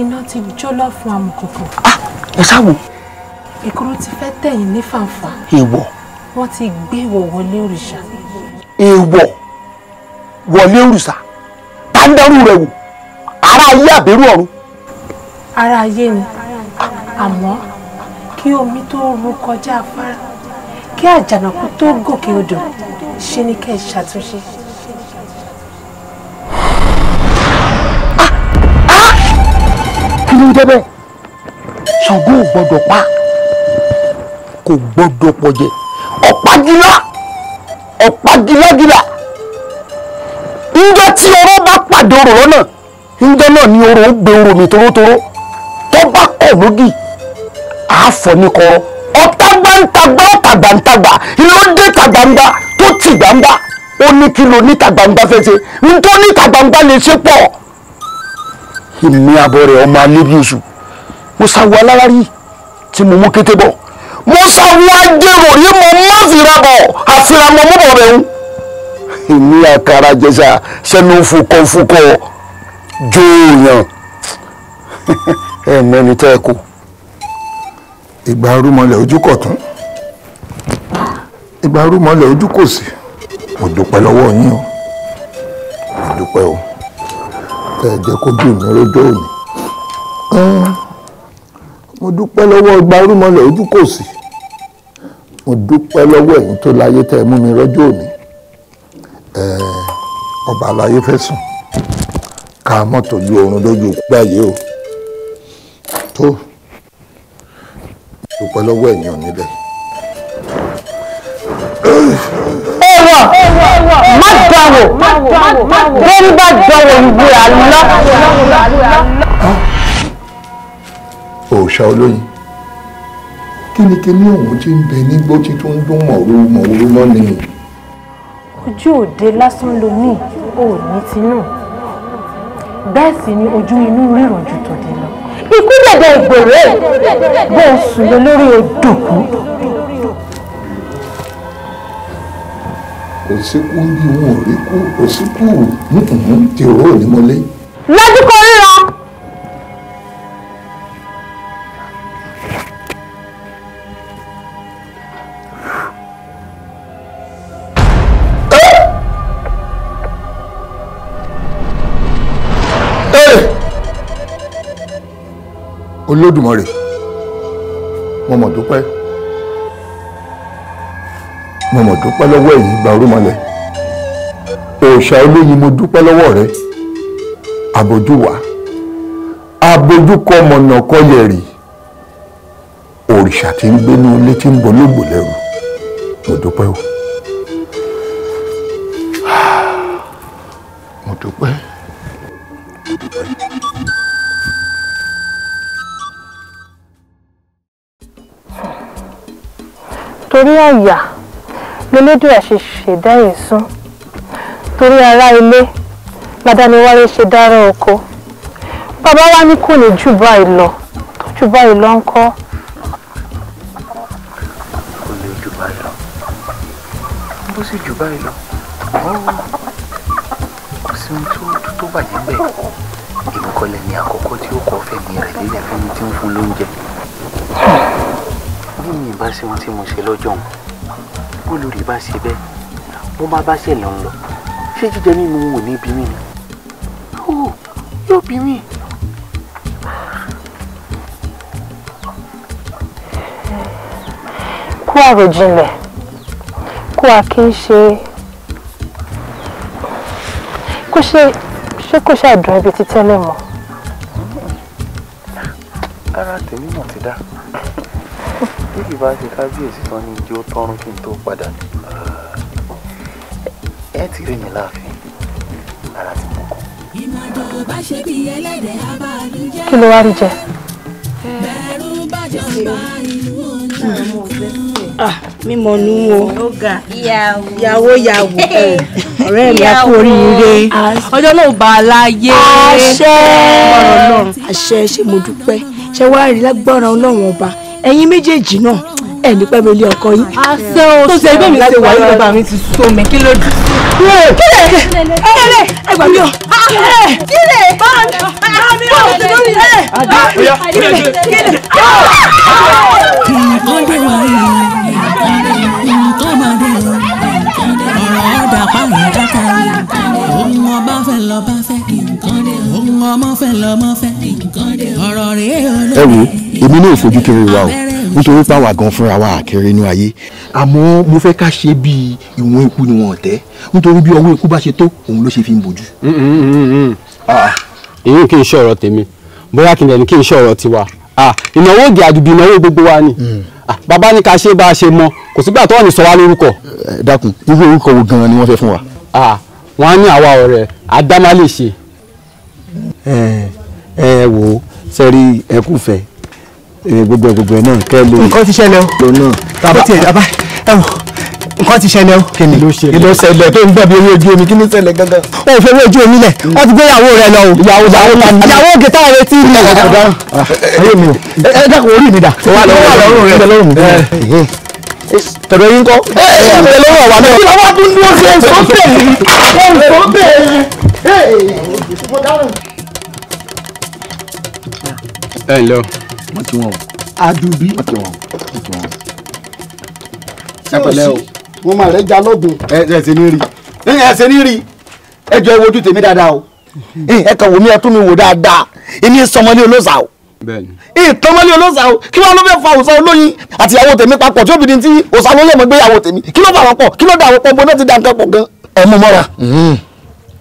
iná ti jó lọ fún amọ̀kòkò. ah ẹ ṣáwo. ìkúrú ti fẹ́ tẹ̀yìn ní fàǹfà. èèwọ̀. wọ́n ti gbé ìwọ̀ wọlé òrìṣà. èèwọ̀ wọlé òrìṣà tá ń dẹrù rẹ̀ wò ará ayé àbẹ̀rù ọ̀run. ará ayé ni àmọ́ kí omi tó ru kọjá afárá kí àjànàkú tó gòkè odò ṣe ni kẹ́ ẹ ṣàtúnṣe. Ah! Ah! kí ló dé bẹ́ẹ̀. Ṣàngó ò pa kò gbọ́dọ̀ pọ̀jẹ̀ ọ̀pájúlá ọ̀pájúlájúlá ǹjẹ́ tí ọ̀rọ̀ bá pàdé orò lọ́nà ǹjẹ́ náà ni orò ó gbé orò mi torótoró tó bá kọ̀ lógì àáfọ̀ ní kọ́rọ́ ọ̀tá gbàǹtagbà ọ̀tá gbàǹtagbà ìlódé tàgbàǹgbà tó tì gbàǹgbà ó ní kí lo níta gbangba fẹ́ ṣe ń tó níta gbangba lè ṣe pọ̀ ìmí abọ́ rẹ̀ ọmọ alébíyèsù mo ṣàwọ aláwárí tí mo mú kété bọ̀ mo ṣàwọ ajérò rí mo má fìrà bọ̀ àfihàn mo mú bọ̀ bẹ̀ ń. èmi àkàrà jẹsà sẹ́nu fukọ̀fukọ̀ jóòyàn ẹ mẹ́ni tẹ́ ẹ kú. ìgbà arúmọlẹ̀ ojú kọ̀ tún ìgbà arúmọlẹ̀ ojú kò sí mo dúpẹ́ lọ́wọ́ yín o mo dúpẹ́ o ẹ jẹ́ kó bí mi lójó òní mo dúpẹ́ lọ́wọ́ ọgbà orúmọlẹ̀ ojú kò sí mo dúpẹ́ lọ́wọ́ ẹ̀yin tó láyé tẹ́ ẹ mú mi rọ́jò òní ọba aláyé fẹ́ sùn ká mọ́tò ju oorun lójú gbáyé o tó dúpẹ́ lọ́wọ́ ẹ̀yin ò nílẹ̀. má dáwọ̀ bẹ́ẹ̀ ni bá dáwọ̀ ìwé àlọ́ òòṣà olóyin kínníkínní òun ti ń bẹ nígbó tí tó ń dún mọ̀rú mọ̀rú mọ́ ni. ojú òde lásán ló ní òní tinú bẹ́ẹ̀ sì ni ojú inú ríran ju tòde lọ ikú dẹ̀dẹ̀ ìgbòrè bóun sùn lọ lórí odò kú. òsínkú ń bí wọn ò rí kú òsínkú tí òun ní mọlé. lọ́dún kan olódùmarè mo mọ̀ dúpẹ́ mo mọ̀ dúpẹ́ lọ́wọ́ ẹ̀yin gba orúmọlẹ̀ òòṣà olóyin mo dúpẹ́ lọ́wọ́ rẹ àbójú wa abojúkọ mọ̀nàkọ yẹ̀rì òrìṣà tí ń gbénú ilé tí ń bológbò lẹ́rù mo dúpẹ́ o. torí àyà lélẹ́dùà ṣe ṣẹ̀dá èsún torí ará ilé ládániwárí ṣe dára oko bàbá wa ní kò ní jù báyìí lọ tó jù báyìí lọ ń kọ́. kò lè jù báyìí lọ bó sì jù báyìí lọ kò sí ohun tó tó bàjẹ́ bẹ́ẹ̀ èmi kọ́lẹ̀ ní àkọ́kọ́ tí ó kọ́ fẹ̀mí rẹ̀ lélẹ̀ fẹ́ni tí ń fún lóúnjẹ bí mi bá ṣe ohun tí mo ṣe lọ́jọ́ òun bó lórí bá ṣe bẹ́ẹ̀ mo bá bá ṣẹlẹ̀ ń lọ ṣé jíjẹ mímu wò ní bí mi ni yóò bí mi. kó àròjinlẹ̀ kó a kì í ṣe kó ṣe ṣé kó ṣàdùn ibi tí mọ́. ara tèmi náà ti dá bí kì ṣe kábíyèsí tán ní ijó tọrún kí n tó padà ẹ ti rí mi láàfin ara ti mú kú. kí ló wá rí jẹ. mímọ ah, nú wo yàwó yàwó eh, ọ̀rẹ́ mi á kú oríire ọjọ́ náà bá a láyé àṣẹ àṣẹ ṣe mo dúpẹ́ ṣe wá rí lágbára Ọlọ́run ọba ẹ̀yin méjèèjì náà ẹ̀ ní pẹ́ mi ilé ọkọ yín. àṣẹ o tó ṣe ibẹ̀ mi láti wáyé bàbá mi ti so mi kí ló dé. kílẹ̀ kílẹ̀ ẹ gbà mí o kílẹ̀ bá mi ò tó lórí ẹ̀ bá mi kílẹ̀ kílẹ̀. Ohun ọba fẹ́ lọ bá fẹ́, ohun ọmọ fẹ́ lọ mọ fẹ́, ọ̀rọ̀ rèé olóyè èmi náà ò fojú kéré wa o nítorí pé àwa gan fúnra wa àkẹrẹ inú ayé àmọ́ mo fẹ́ ká ṣe bí ìwọ̀n ikú ni wọ́n tẹ́ nítorí bí ọwọ́ ikú bá ṣe tó òun ló ṣe fi ń bójú. Mm, mm, mm, ah, èyí kì í ṣe ọ̀rọ̀ tèmi bóyá kì í dẹ̀ ní kì í ṣe ọ̀rọ̀ tiwa ah, ìnáwó òdì àdùbí ìnáwó gbogbo wa ni ah, bàbá ní ká ṣe bá a ṣe mọ kò sígbà tó wà ní sọ wá lórúkọ. Eh, dákun irú orúkọ wo gan-an ni wọ́n fẹ́ fún wa. wọ́n á ní àwa ọ̀rẹ́ àdámálè ṣe. Eh, eh, ẹ ẹ wò sẹ́rí ẹkú Eh, gbogbo gbogbo ẹ náà kẹ ló nǹkan ti ṣẹlẹ̀ o ló náà tàbá tiẹ̀ tàbá ẹwọ nǹkan ti ṣẹlẹ̀ o kíni ló ṣẹlẹ̀ ló ṣẹlẹ̀ tó ń gbọ́ bí ojú omi kí ló ṣẹlẹ̀ gangan. o ò fẹ́ owó ojú omi lẹ̀ wọ́n ti gbé ìyàwó rẹ lọ o. ìyàwó ìyàwó la ní. ìyàwó òkè táwọn retí ní. ayé ah, ẹ dákun orí mi dà. o wà lọ́rùn rẹ tọ̀dọ̀ yín kọ́. ẹ ẹ ẹ lọ́wọ́ wa náà. ìlànà wa tún dúró ṣe sọ́pẹ̀ sọ́pẹ̀ ẹ ẹ ǹlẹ́ eh, eh, o wọ́n adubi wọ́n o mo máa rẹ ja lọgùn. ẹ ẹ ṣe ní rí ẹ ṣe ẹ jọ ewojú tèmi dáadáa o ẹ kàn wò mí ẹ tún mi wò dáadáa èmi sọmọlé olóòṣà o ìtọ́mọ́lé olóòṣà o kí wọ́n ló fẹ́ fa òòṣà olóyin àti ìyàwó tèmi papọ̀ tí obìnrin tí òòṣà ló lọ́mọ gbé ìyàwó tèmi kí ló fà wọ́n pọ̀ kí ló dà wọ́n pọ̀ bó náà ti dà nǹkan gan. ọmọ mọ́ra mm-hmm.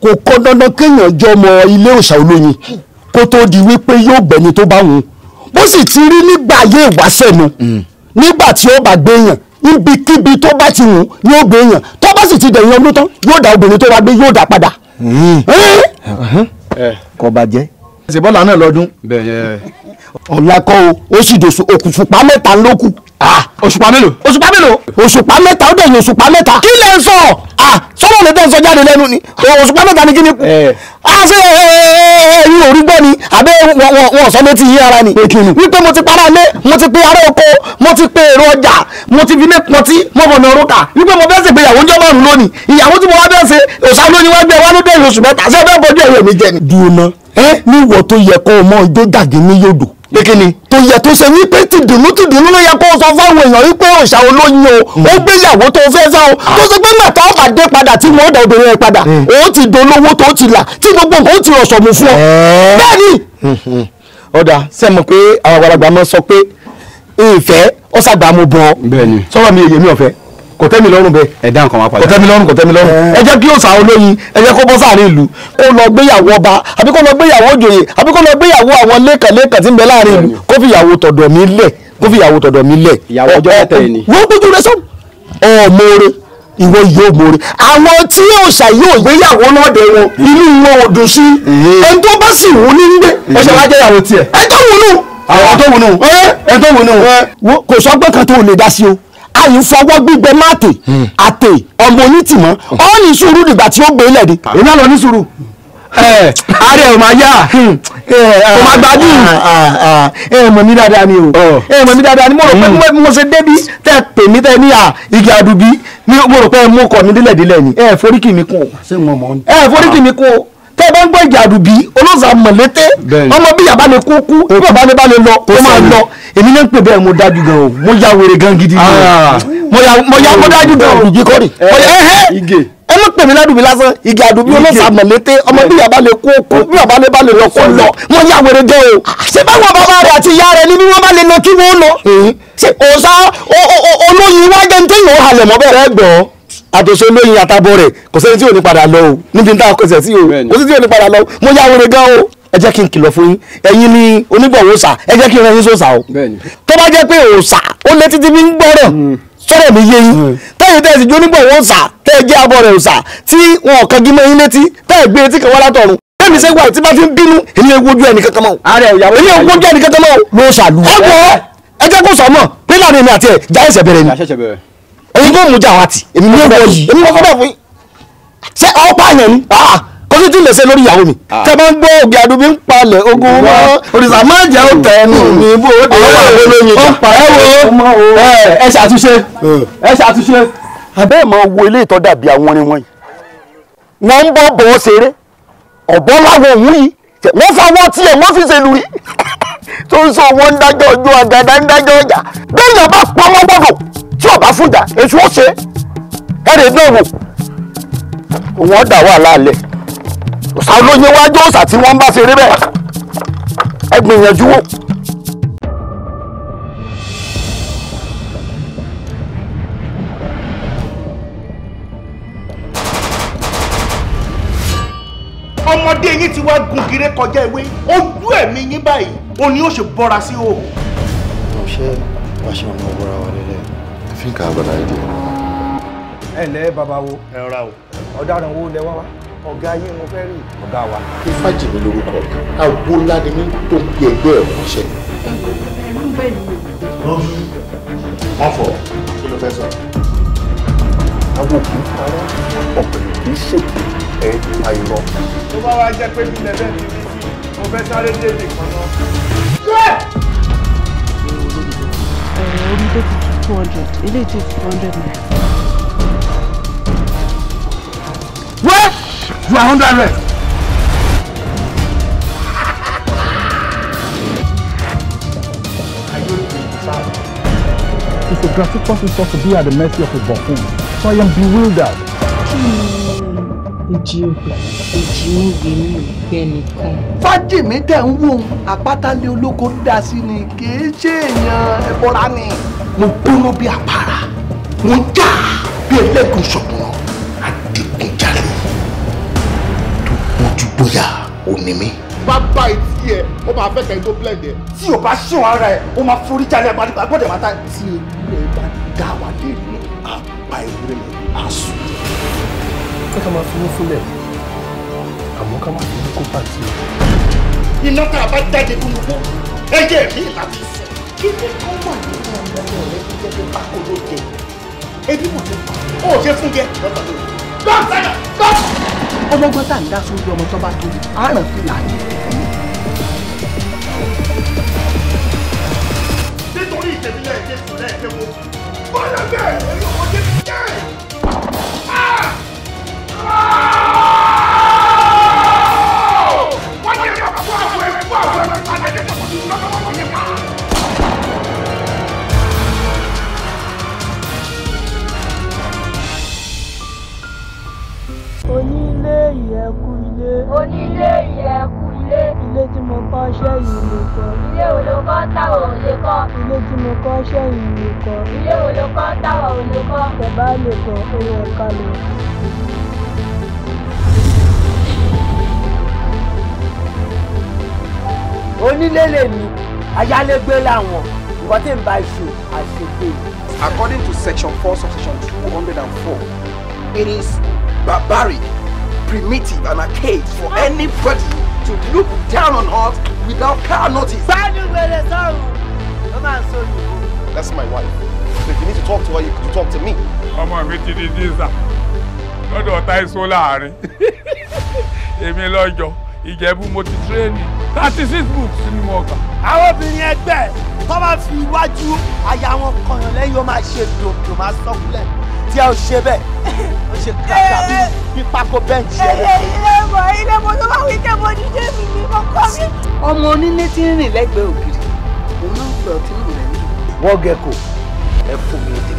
kò kọ́ dandan kéèyàn jọ ọmọ ilé òòṣà olóyin kó tó di wípé yóò gbẹ̀ni tó bá wọn bó sì ti rí nígbà ayé ìwáṣẹ̀ nu mm. nígbà tí ó bá gbéyàn ibikíbi tó bá ti wù yóò gbéyàn tó bá sì ti dẹ̀yìn ọdún tán yóò dá obìnrin tó wá gbé yóò dá padà. Mm. kò bàjẹ́. ṣe bọ́lá náà lọ́dún. ọ̀la o ó sì dòṣù òkùnfùpá mẹ́ta ló kù. Ah, òṣùpá mélòó. òṣùpá mélòó. òṣùpá mẹ́ta ó dẹ̀ yín òṣùpá mẹ́ta. kí lẹ ń sọ ah, sọ́wọ́n lè dẹ́n sọ jáde lẹ́nu ni ah. òṣùpá mẹ́ta ni kí ni kù. Eh. a ṣe eh, eh, ẹyin ò rí gbọ́ ni àbẹ́ wọn sọ létí yí ara ni. wípé mo ti para lé mo ti pe ará oko mo ti pe èrò ọjà mo ti fi lé pọtí mo bọ̀ ní orúkà wípé mo fẹ́ ṣègbéyàwó ń jọ́ márùn lónìí ìyàwó tí mo wá bẹ́ẹ̀ ṣe òṣà lóyún wá gbé wá ló dé oṣù mẹ́ta ṣé bẹ́ẹ̀ bọ́jú ẹ̀rọ mi jẹ ni. dùn náà ní ìwọ tó yẹ kó o mọ ijó dàgé ní yòdò pé kí ni. tó yẹ tó ṣe wípé ti dùnú ti dùnú ló yẹ kó sọ fáwọn èèyàn wípé òòṣà olóyin o ó gbéyàwó tó fẹ́ fẹ́ o tó ṣe pé mẹ́ta ọba dé padà tí wọ́n dà obìnrin rẹ̀ padà hmm. ó ti dolówó tó ti là tí gbogbo nǹkan ó ti rọ̀ṣọ̀ mú fún ọ. bẹ́ẹ̀ ni. Hmm, hmm. ọ̀dà ṣe mọ̀ pé àwọn àgbàlagbà máa sọ pé ìfẹ́ ọ̀ṣàgbà mo bọ̀ sọ́wọ́ mi èyí mi ọ̀fẹ́ kò tẹ́mi lọ́rùn bẹ́ẹ̀. ẹ dá nǹkan wá padà. kò tẹ́mi lọ́rùn kò tẹ́mi lọ́rùn. ẹ jẹ́ kí òòsà olóyin ẹ jẹ́ kó bọ́ sáàrin ìlú kó lọ gbéyàwó ọba àbí kó lọ gbéyàwó òjòyè àbí kó lọ gbéyàwó àwọn lẹ́kànlẹ́kàn tí ń bẹ láàrin ìlú kó fi ìyàwó tọ̀dọ̀ mi lẹ̀ kó fi ìyàwó tọ̀dọ̀ mi lẹ̀. ìyàwó ọjọ́ mẹ́ta yìí ni. wọ́n gbójú rẹ sọ́n. ọ̀ọ́mọ́re ìwọ yóò mọ̀re àwọn tí òòṣà yóò gbéyàwó lọ́dẹ wọn inú wọn ò dùn sí ẹni tó bá sì wù ní gbé. ọṣẹ wa jẹ ìyàwó tiẹ. ẹ tó wù nù. àwọn tó wù nù. ẹ tó wù nù. kò sọ pé kan tó lè dá sí o àyìnfọwọ́ gbígbẹ máàtè hmm. àtè ọmọ onítìmọ́ ọ ní sùúrù dìgbà tí ó gbé lẹ̀ dé. èmi àlọ́ ní sùúrù ààrẹ ò máa yá hmm. ò máa gbajú. Ah, ah, ah, ẹ mọ̀ mí dáadáa ni o ẹ mọ̀ mí dáadáa ni mo rò pé hmm. mo ṣe débi tẹ́ pè mí tẹ́ ní igi àdùbí mo rò pé mo kọ̀ mí délẹ̀ délẹ̀ ni ẹ foríkì mi kún o ẹ foríkì mi kún o tẹ́ ẹ bá ń gbọ́ ìjà àdùbí olóòsà mọ̀lété ọmọ bí yàrá lè kú kú bí bàbá lè bá lè lọ ó máa lọ èmi náà ń pè bẹ́ẹ̀ mo dájú gan o mo ya wèrè gan gidi gan ah. mo ya mo ya mo dájú gan o ìjìkọ́rì ẹ̀hẹ́ eh, eh, eh. ẹ mọ̀ pèmí ládùúgbò lásán igi àdùbí olóòsà mọ̀lété ọmọ bí yàrá lè kú kú bí bàbá lè bá lè lọ kó lọ mo ya wèrè gan o ṣé báwọn bàbá rẹ àti ìyá rẹ ni bí wọ́n bá lè lọ kí wọ́n lọ ṣe òòsà olóyin wájẹ́ ń tẹ́yìn ó halẹ̀ mọ́ bẹ́ẹ̀ àtòṣe olóyin àtàbọ̀ rẹ̀ kò sẹ́ni tí ò ní padà lọ o níbi tá a kọsẹ̀ sí o kò sí tí ò ní padà lọ mo yá wọlé gan o ẹ jẹ́ kí n kìlọ̀ fún yín ẹ̀yin ni onígbọ̀wọ́ sà ẹ jẹ́ kí n rán yín o tó bá jẹ́ pé òòsà ó lé títí bí ń gbọ́rọ̀ hmm. sọ̀rọ̀ mi yé yín hmm. tẹ́yìn tẹ́yìn sì jó onígbọ̀wọ́ sà tẹ́yìn jẹ́ abọ́ rẹ̀ òòsà tí wọn ò kagi mọ́ yín létí tẹ́yìn gbé etí kan wá látọ̀run tẹ́mi sẹ́gbà tí bá fi ń bínú èmi ò wojú ẹnì kankan mọ́ o èmi ò wojú ẹnì kankan mọ́ o ló ṣàlù ẹ jẹ́ kó sọ mọ̀ pé mi àti ẹ̀ já ẹ̀sẹ̀ bẹ̀rẹ̀ ni ẹ̀yin tó mú jà wá tì. èmi ní ọkọ yìí èmi kọ́kọ́ bẹ́ẹ̀ fún yín. ṣé ọ̀pá yẹn ni ah. Ah, kò sí tí lè ṣe lórí ìyàwó mi. Ah. tẹ bá ń gbọ́ ògì àdúgbò ń palẹ̀ ogun mọ́ òrìṣà máa jẹ́ ó tẹ ẹnu mi bó o dé ó pa ẹ wo ẹ ṣàtúnṣe ẹ ṣàtúnṣe. abẹ́ mọ wo ilé ìtọ́ dàbí àwọn orin wọ̀nyí wọ́n ń bọ́ bọ́ ṣeré ọ̀bọ́ láwọn òun yìí wọ́n fọwọ́ tiẹ̀ wọ́n fi ṣe lùrí tó ń sọ wọ́n ń dájọ́ ojú àgàdá ń dájọ́ ọjà bẹ́ẹ̀ yàrá pamọ́ gbọ́dọ̀ tí ọba fún ìjà èṣù ó ṣe é ẹrẹ dòwò òun ọdà wà láàlẹ òsà olóye wájú òsà tí wọn bá ṣeré bẹ́ẹ̀ ẹ gbìyànjú wò. ọmọdé yín ti wá gun kiri kọjá ewé ojú ẹ̀mí yín báyìí òní O ṣe bọ́ra sí o. mo ṣe wàá ṣe ọmọ ọgbọ́ra wa lélẹ̀ think I have an idea. ẹ ǹlẹ́ bàbá wo. ẹ rà o. ọ̀daràn wo lẹ wá wá. ọ̀gá yín mo fẹ́ rí ọ̀gá wa. Ifájìmí lórúkọ àwo ńlá ni mí tó ń pe ẹgbẹ́ ẹ̀ ránṣẹ́. ẹ̀rù bẹ́ẹ̀ ni. wọ́n fọ̀ kí ló fẹ́ sọ. àwọn òkú parọ́ ọ̀pẹ̀ kì í ṣètò ẹ̀ pa irọ́. tó bá wá jẹ́ pé mi lẹ́lẹ́ mi rí sí mo fẹ́ sáré débi kan náà. orí tó ti two hundred eléyìí tí two hundred naira. wẹ́ẹ́ ju one hundred rẹ̀. It's a gratuitous insult to be at the mercy of a buffoon. So I am bewildered. Hmm ìjì ògbè ìjì ògbè mi ò gbẹ nìkan. fájìmí tẹ̀ ń wò àpáta-lé olóko dá sí ni kì í ṣe èèyàn ẹ̀bọ̀ra ni. mo gbóná bí àpárá mo já bí ẹlẹ́gùn ṣọ̀gbọ́n adigunjalè tó gbójú bóyá òní mi. bàbá ìtì ẹ ó máa fẹ́ kẹ́ni tó blẹ̀dẹ̀. tí o bá ṣàn ara ẹ ó máa forí jalè àgbàdo máa ta. tí ewu bá dá wa lé ní apá ewúrẹ́ àsùn pé ká máa fi mú fúnlẹ̀ àmọ́ ká máa fi mú kó bá ti o. iná tá a bá jáde nínú igbó ẹ̀jẹ̀ mi láti sọ. kí ni kó wà nínú ọmọ rẹ tó jẹ́ pé báko ló jẹ ebi mọ̀ nípa O ṣe fún jẹ lọ́tọ̀ lórí. dọ́ọ̀tà dọ́ọ̀tà. ọlọ́gbọ́n tá à ń dá sórí ọmọ tó bá tóbi àárọ̀ fi là á yẹ. nítorí ìtẹ̀bílẹ̀ ìjẹ́sùn rẹ̀ ṣe bọ́lá bẹ́ẹ̀ iṣẹ́ yìí mo kọ́. Ilé wo lo kọ́ táwa ò lè kọ́? Ilé tí mo kọ́ iṣẹ́ yìí mo kọ́. Ilé wo lo kọ́ táwa ò lè kọ́? Bàbá lè kọ́ owó ẹ̀ka lọ. Onílé lèmi, ayálégbé làwọn, nǹkan tí ń bá ṣe àṣepé. According to section four subsection two hundred and four, it is barbaric, primitive and archaic for anybody to look down on us without prior notice. Sáájú wèrè sọ̀rùn, ló máa ń sọ That's my wife. So if you need to talk to her, you can talk to me. Ọmọ mi ti di no, Lọ́dọ̀ ọ̀tá èso láàrin. Èmi lọ́jọ́, Ìjẹ̀bú mo ti tírẹ́ẹ̀nì. Thirty six books ni mo gbà. Àwọn obìnrin ẹgbẹ́ tó bá fi iwájú aya wọn kọyàn lẹ́yìn ó máa ṣe dòdò máa sọ́kúlẹ̀ tí ẹ ò ṣe bẹ́ẹ̀. ló ṣe kàkà bí bí pákó bẹ́ǹchì ẹ̀. ẹyẹ ilé mọ ilé mọ tó bá wí tẹ mo ní jẹ́mi mi mo kọ́ mi. ọmọ onílé tí ń rìn lẹ́gbẹ̀ẹ́ ògiri òun náà pè ọtí nù rẹ̀ ní. wọ́gẹ̀kọ̀ ẹ fún mi dé.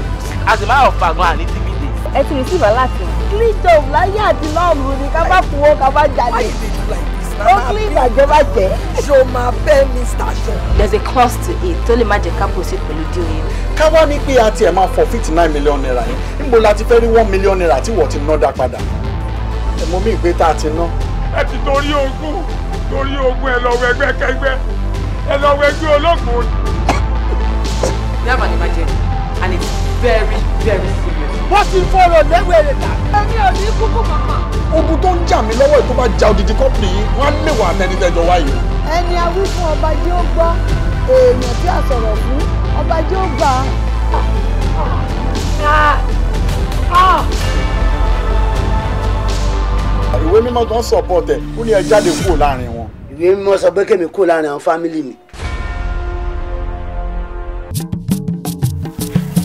as a matter of fact wọn à ní tv dé. ẹ ti rìn sí ìbálàtì. clean job láyé àti lọ́ọ̀mù ni ká bá fowó ká bá jáde. why you dey do like ó kí ìbàjẹ́ bàjẹ́. ṣo máa bẹ́ mr ṣan. a cost to it tó lè má jẹ́ ká proceed pẹ̀lú deal yẹn. ká wá ní pé a tiẹ̀ máa fọ fifty nine million naira In níbo la one million naira tí wọ́n ti ná dá padà ẹ̀ mọ́ mi ìgbé tá a ti ná. ẹ ti torí ogún torí ogún ẹ lọ wọ ẹgbẹ́ kẹgbẹ́ ẹ lọ wọ ẹgbẹ́ ológun. that man imagine and it's very very serious wọ́n ti fọ̀rọ̀ lẹ́wẹ̀rẹ̀ ta. èmi ò ní kúkú mọ̀mọ́. ogun tó ń jà mí lọ́wọ́ ìtọ́ bá ja odidi kọ́pì yìí wọ́n á lè wà àtẹnitẹ́jọ wáyé. ẹni awí fún ọba jẹ́ ó gbọ́ èèyàn tí a sọ̀rọ̀ fún ọba jẹ́ ó gbà á. Ah, ah. ìwé mímọ́ kan support ẹ̀ ó ní ẹ jáde kúrò láàrin wọn. ìwé mímọ́ sọ pé kémi kúrò láàrin àwọn fámìlì mi.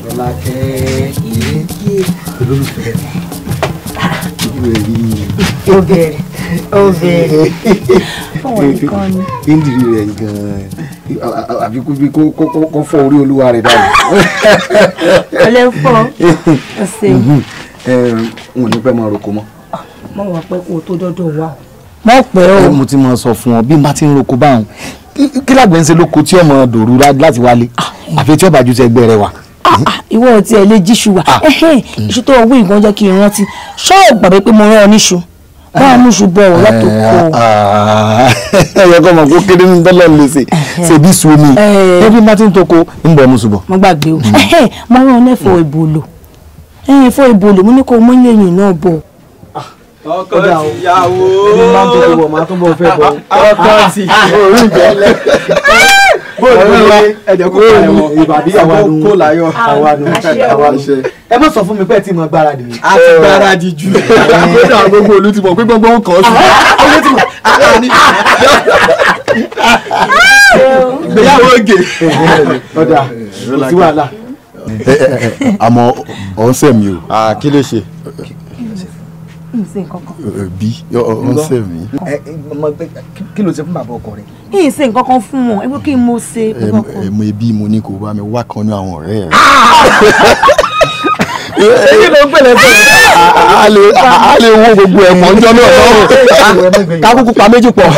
Rọ́lákẹ́ olólùfẹ́ mi ó bẹ̀rẹ̀ ó bẹ̀rẹ̀ fọwọ́ nìkan ni. indiri rẹ̀ gan-an àbí kó fọ́ orí olúwa rẹ̀ dáhùn. ọlẹ́fọ́ ọ̀sẹ̀. n ò ní pẹ́ máa roko mọ́. mo wà pé kó o tó dọ́dọ̀ wá o. mo pẹ́ o. mo ti máa sọ fún ọ bí n bá ti ń roko báwọn kí lágbẹ̀ẹ́ ń ṣe tí ọmọ dòru láti wálé àfi tí ọba ju ti ẹgbẹ́ rẹ wà. Ah, ah, ìwọ ọtí ẹ lè jíṣu wa ah. iṣu tó wí ìgbọ́n jẹ́ kí n rántí ṣọ́ọ̀ gbàgbé pé mo rán ọ níṣu báà mú ṣu bọ̀ ọ̀rọ̀ tó kọ́. ẹyẹ kọ́ mọ̀ kó kéré ní dọ́là lè ṣe ṣèbí sùn mi ẹbí má ti ń toko ń bọ̀ mú ṣu bọ̀. mo gbàgbé o hmm. mo rán ọ lẹ́fọ̀ọ́ hmm. ìbòlò ẹ̀yìn fọ́ ìbòlò mo ní kó mú lẹ́yìn náà bọ̀ ọkọ tìyàwó ọkọ tìyàwó orí ìgbẹ́lẹ́. bóòlù ní wa ẹ̀jẹ̀ kó kọ́ ẹ̀wọ̀n ìbàdí àwa nù kó láyọ̀ àwa nù àwa nù. ẹ má sọ fún mi pé ẹ ti mọ gbáradì a ti gbáradì jù kódà gbogbo olú ti mọ̀ pé gbogbo ń kọ́ sí. Ah, ah, olú ti mọ̀ àní. Ah, ìgbéyàwó oge. ọ̀dà kò sí wàhálà. àmọ́ ọ̀sẹ̀ mi o. kí ló ṣe ìṣe hmm, nǹkan kan. Eh, eh, bí ọ̀hún ṣe mí. kí ló ṣe fún bàbá ọkọ rẹ. ìṣe nǹkan kan fún wọn ewu kí n mo ṣe. Eh, mo ebi mo ní kó bá mi wá kan ní àwọn ọ̀rẹ́ rẹ. èyí ló ń pèlè pèlè. a lè wo gbogbo ẹ̀mọ́ ọjọ́ náà lọ́rùn. kákúkú pa méjì pọ̀.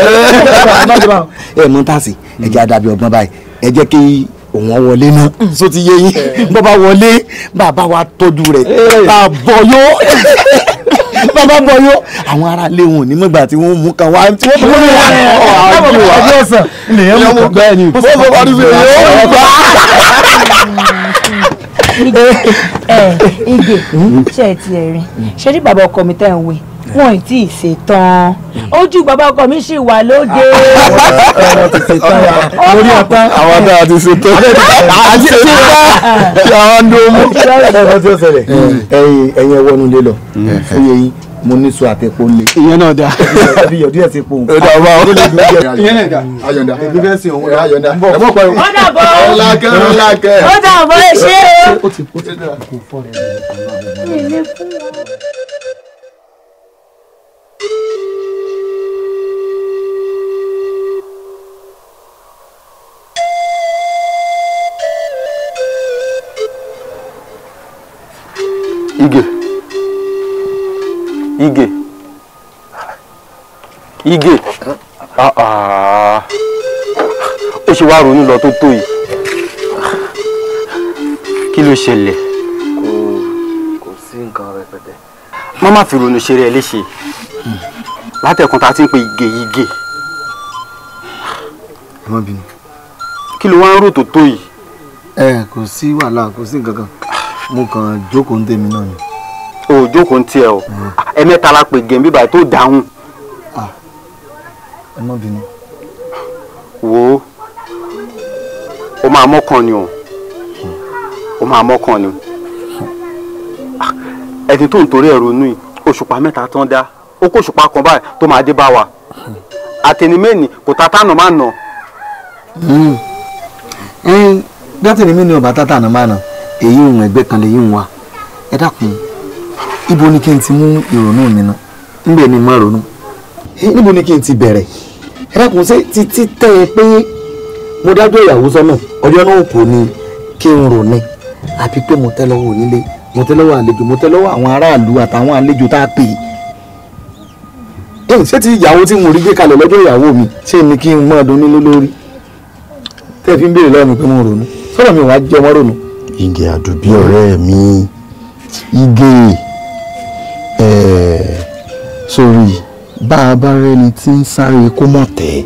ẹ̀mú tàsí ẹ̀jẹ̀ àdàbí ọgbọ́n báyìí ẹ jẹ́ kí òun wọlé náà hmm. so ti yé yín bọ́ bá wọlé bàbá wa tọ́jú rẹ̀ bàbọ̀ yó bàbá bọ̀ yó àwọn ará ilé wọn ò ní mọ̀gbà tí wọ́n mú kan wá tí wọ́n mú wá ọjọ́ ọ̀sán lèyàn mú kan bẹ́ẹ̀ ni bó bó wọ́n fi yóò gbà. Ige ṣe ti ẹ̀rín ṣe rí bàbá ọkọ mi tẹ́ ń wé wọn ì tí ì ṣetán ojú bàbá ọkọ mi ṣì wà lóde. ọ̀rọ̀ ti ṣetán lórí ọ̀tá. àwọn ọ̀tá àti ṣetán àti ṣetán kí àwọn ń dúró mú. ọ̀rọ̀ tí ó ṣẹlẹ̀ ẹ̀yin ẹ̀yin ẹ̀wọ́ lọ fún yẹn mo ní so àtẹ̀pọ̀ lé. ìyẹn náà da. àbí yọ̀dí ẹ̀ ti pò. ó dà bá ọ. ìyẹn náà da. ayọ̀dà ẹbí bẹ́ẹ̀ sìn òun ayọ̀dà. ẹ bọ́ pẹ́ o. ó dà ó lákẹ́ ó lákẹ́. ó dà ẹ ṣe é ó ti kó tẹ́lẹ̀ kó fọ́ rẹ̀ Ige. Ige. Ah, ah. Ó ṣe wá ronú lọ tó tó yìí. Kí ló ṣẹlẹ̀? Kò sí nǹkan rẹpẹtẹ. Má má fi ronú ṣeré ẹ léṣe. Látẹ̀kùn ta ti ń pe Ige Ige. Ẹ má bínú. Kí ló wá ń rò tó tó yìí? Ẹ kò sí wàhálà kò sí nǹkan kan. Mo kàn jókòó ń tèmi náà ni. o joko nti e o e hmm. meta la pe gen bi bayi to dahun ah e ni wo o ma mo kan ni o o ah, ma mo kan ni ah to ntori e ronu yi osupa meta ton da o ko osupa to ma de ba wa ateni ko tata no ma no mm eh dateni meni o ba tata no ma no eyi un egbe kan leyi un wa e ibo ni kí n ti mú ìrònú mi ná níbẹ̀ ni má ronú níbo ni kí n ti bẹ̀rẹ̀ ẹ dákun ṣe títí tẹ́ ẹ pé mo dájú ìyàwó sọ́nà ọjọ́ náà kò ní kí n rò ní àbí pé mo tẹ́ lọ́wọ́ onílé mo tẹ́ lọ́wọ́ àlejò mo tẹ́ lọ́wọ́ àwọn aráàlú àtàwọn àlejò tá a pè é ṣé ti ìyàwó tí mo rí gbé kalẹ̀ lọ́jọ́ ìyàwó mi ṣé ni kí n mọ́ ọdún nílé lórí tẹ́ fi ń béèrè lọ́wọ́ mi pé mo ronú sọ́dọ̀ mi wàá jẹ́ ọmọ ronú. ìgè àdùbí ọ̀rẹ́ mi ìgè sórí bá a bá rẹni tí ń sáré kó mọ̀ tẹ́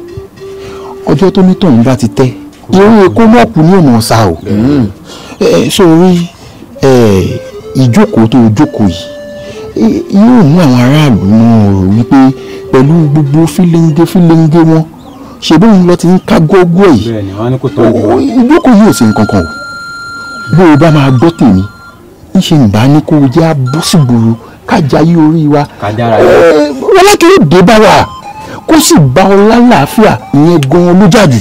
ọjọ́ tó ní tọ̀hún bá ti tẹ́ irú kó mọ̀ ní ọ̀nà ọ̀sà o mm. sórí ìjókòó tó jókòó yìí yóò mú àwọn aráàlú mú ọ̀rọ̀ wípé pẹ̀lú gbogbo fílẹ̀ǹgẹ́ fílẹ̀ǹgẹ́ wọn ṣe bóun lọ ti ń ká gógó yìí ìjókòó yìí ò sí nǹkan kan o bó o bá máa gbọ́ tèmi ńṣe ń bá ní jẹ́ abọ́sígboro kájayé orí wa ọlá kì í dé bá wa kó sì bá ọlá làáfíà ìyẹn gan-an ló jàjù.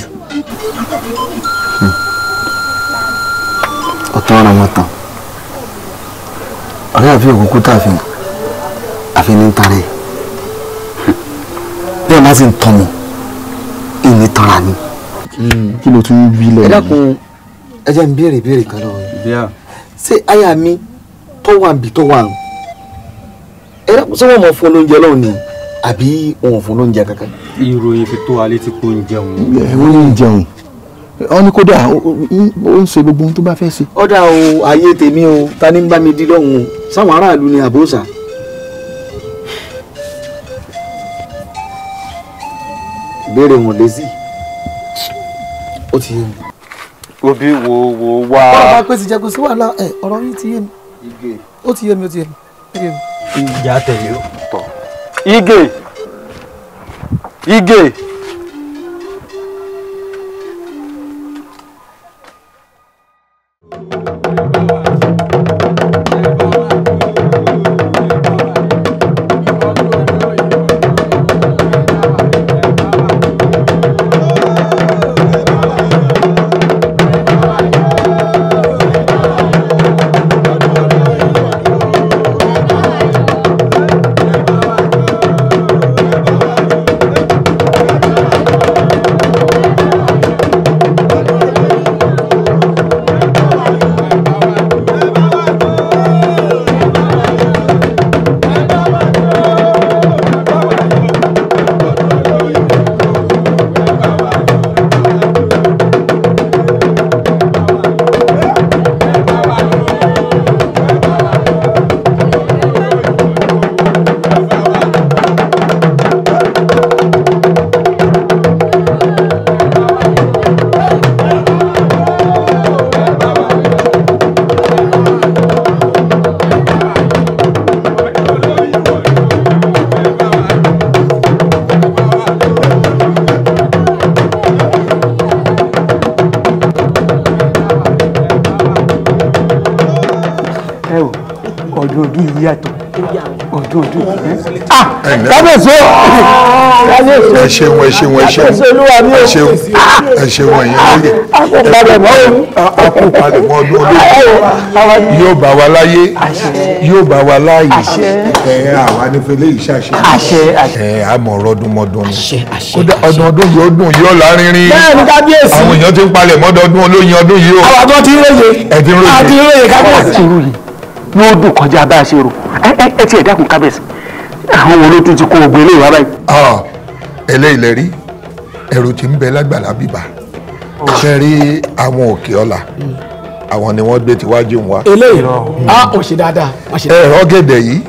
ọ̀tọ̀ ọ̀rọ̀ wọn tán ọ̀rẹ́ àfi òkúkú tá a fi àfi ní tarẹ̀ bẹ́ẹ̀ má sì ń tọmọ ìní tanra ni. Hmm, kí ló tún wí lẹ́yìn. ẹ dákun ẹ jẹ́ n béèrè ìbéèrè kan lọ́wọ́ ṣé aya mi tó wà ń bì wà ẹ̀rọ sọ wọn mọ fún olóúnjẹ lọ́wọ́ ni àbí wọn fún olóúnjẹ kankan. ìròyìn fi tó alẹ́ ti kó ń jẹun. ẹ ó ń jẹun ọ ní kódà ó ń ṣe gbogbo ohun tó bá fẹ́ ṣe. ọ̀dà o ayé tèmi o ta ni ń bá mi di lọ́hùn o sáwọn aráàlú ni àbóṣà. ìbéèrè wọn lè sí ó ti yé mi. obi wo wo wá. bá a bá pèsè jẹ kó sí wàhálà ọ̀rọ̀ yìí ti yé mi ó ti yé mi ó ti yé mi ó ti yé mi ìjà tẹ̀lé o. Igè Igè. kábíyèsí o kábíyèsí ẹ ṣeun ẹ ṣeun ẹ ṣeun ẹ ṣeun ẹ ṣeun ẹ̀yin lóye àkópalẹ̀ mọ́ ọdún olóyè yóò bá wa láyé yóò bá wa láàyè ẹ àwa nífẹ̀lẹ́ yìí ṣàṣẹ ẹ àmọ̀ ọ̀rọ̀ ọdúnmọ́dún ni kódà ọdún ọdún yóò dùn yóò lárinrin àwọn èèyàn ti ń palẹ̀ mọ́ ọdún olóyè ọdún yìí o àwọn àgbọn ti ń ròyè ẹ ti ń ròyè kábíyèsí. ló dùn kọjá bá a ṣe rò ẹ ẹ ti ẹ̀ dákun kábíyèsí àwọn wo ló tún ti kó gbogbo eléyìí wá báyìí. Ah, eléyìí lè rí ẹ̀rù tí ń bẹ lágbàlá bíbá ṣe rí àwọn òkè ọ̀la àwọn ni wọ́n gbé tiwájú wa. eléyìí a ah, ò ṣe dáadáa. ẹ̀rọ gẹ̀dẹ̀ yìí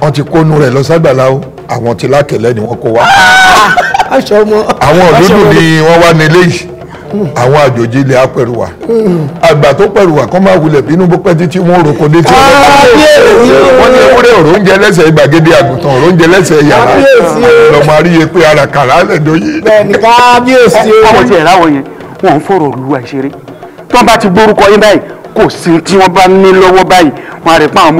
wọ́n ti kónú rẹ̀ lọ ságbàlá o àwọn ti lákẹ̀lẹ́ ni wọ́n kó wa. Ah, àwọn òdúdú ni wọ́n wá ní eléyìí àwọn àjòjì ilẹ̀ apẹ̀rùwà àgbà tó pẹ̀rùwà kọ́ máa wulẹ̀ bínú bó pẹ́ títí wọn roko létí wọn ní ewúrẹ́ òró lẹ́sẹ̀ ìgbàgede àgùntàn òró lẹ́sẹ̀ yàrá lọ́mọ àríyé pé ara kàrá lẹ̀ dọ́yé. bẹ́ẹ̀ni kábíyèsí o. àwọn tiẹ̀ láwọn yẹn wọn ń fọ̀rọ̀ olúwa ìṣeré tí bá ti gbórúkọ yín báyìí kò sí tí wọ́n bá ní lọ́wọ́ báyìí wọn àrẹ̀ pa àwọn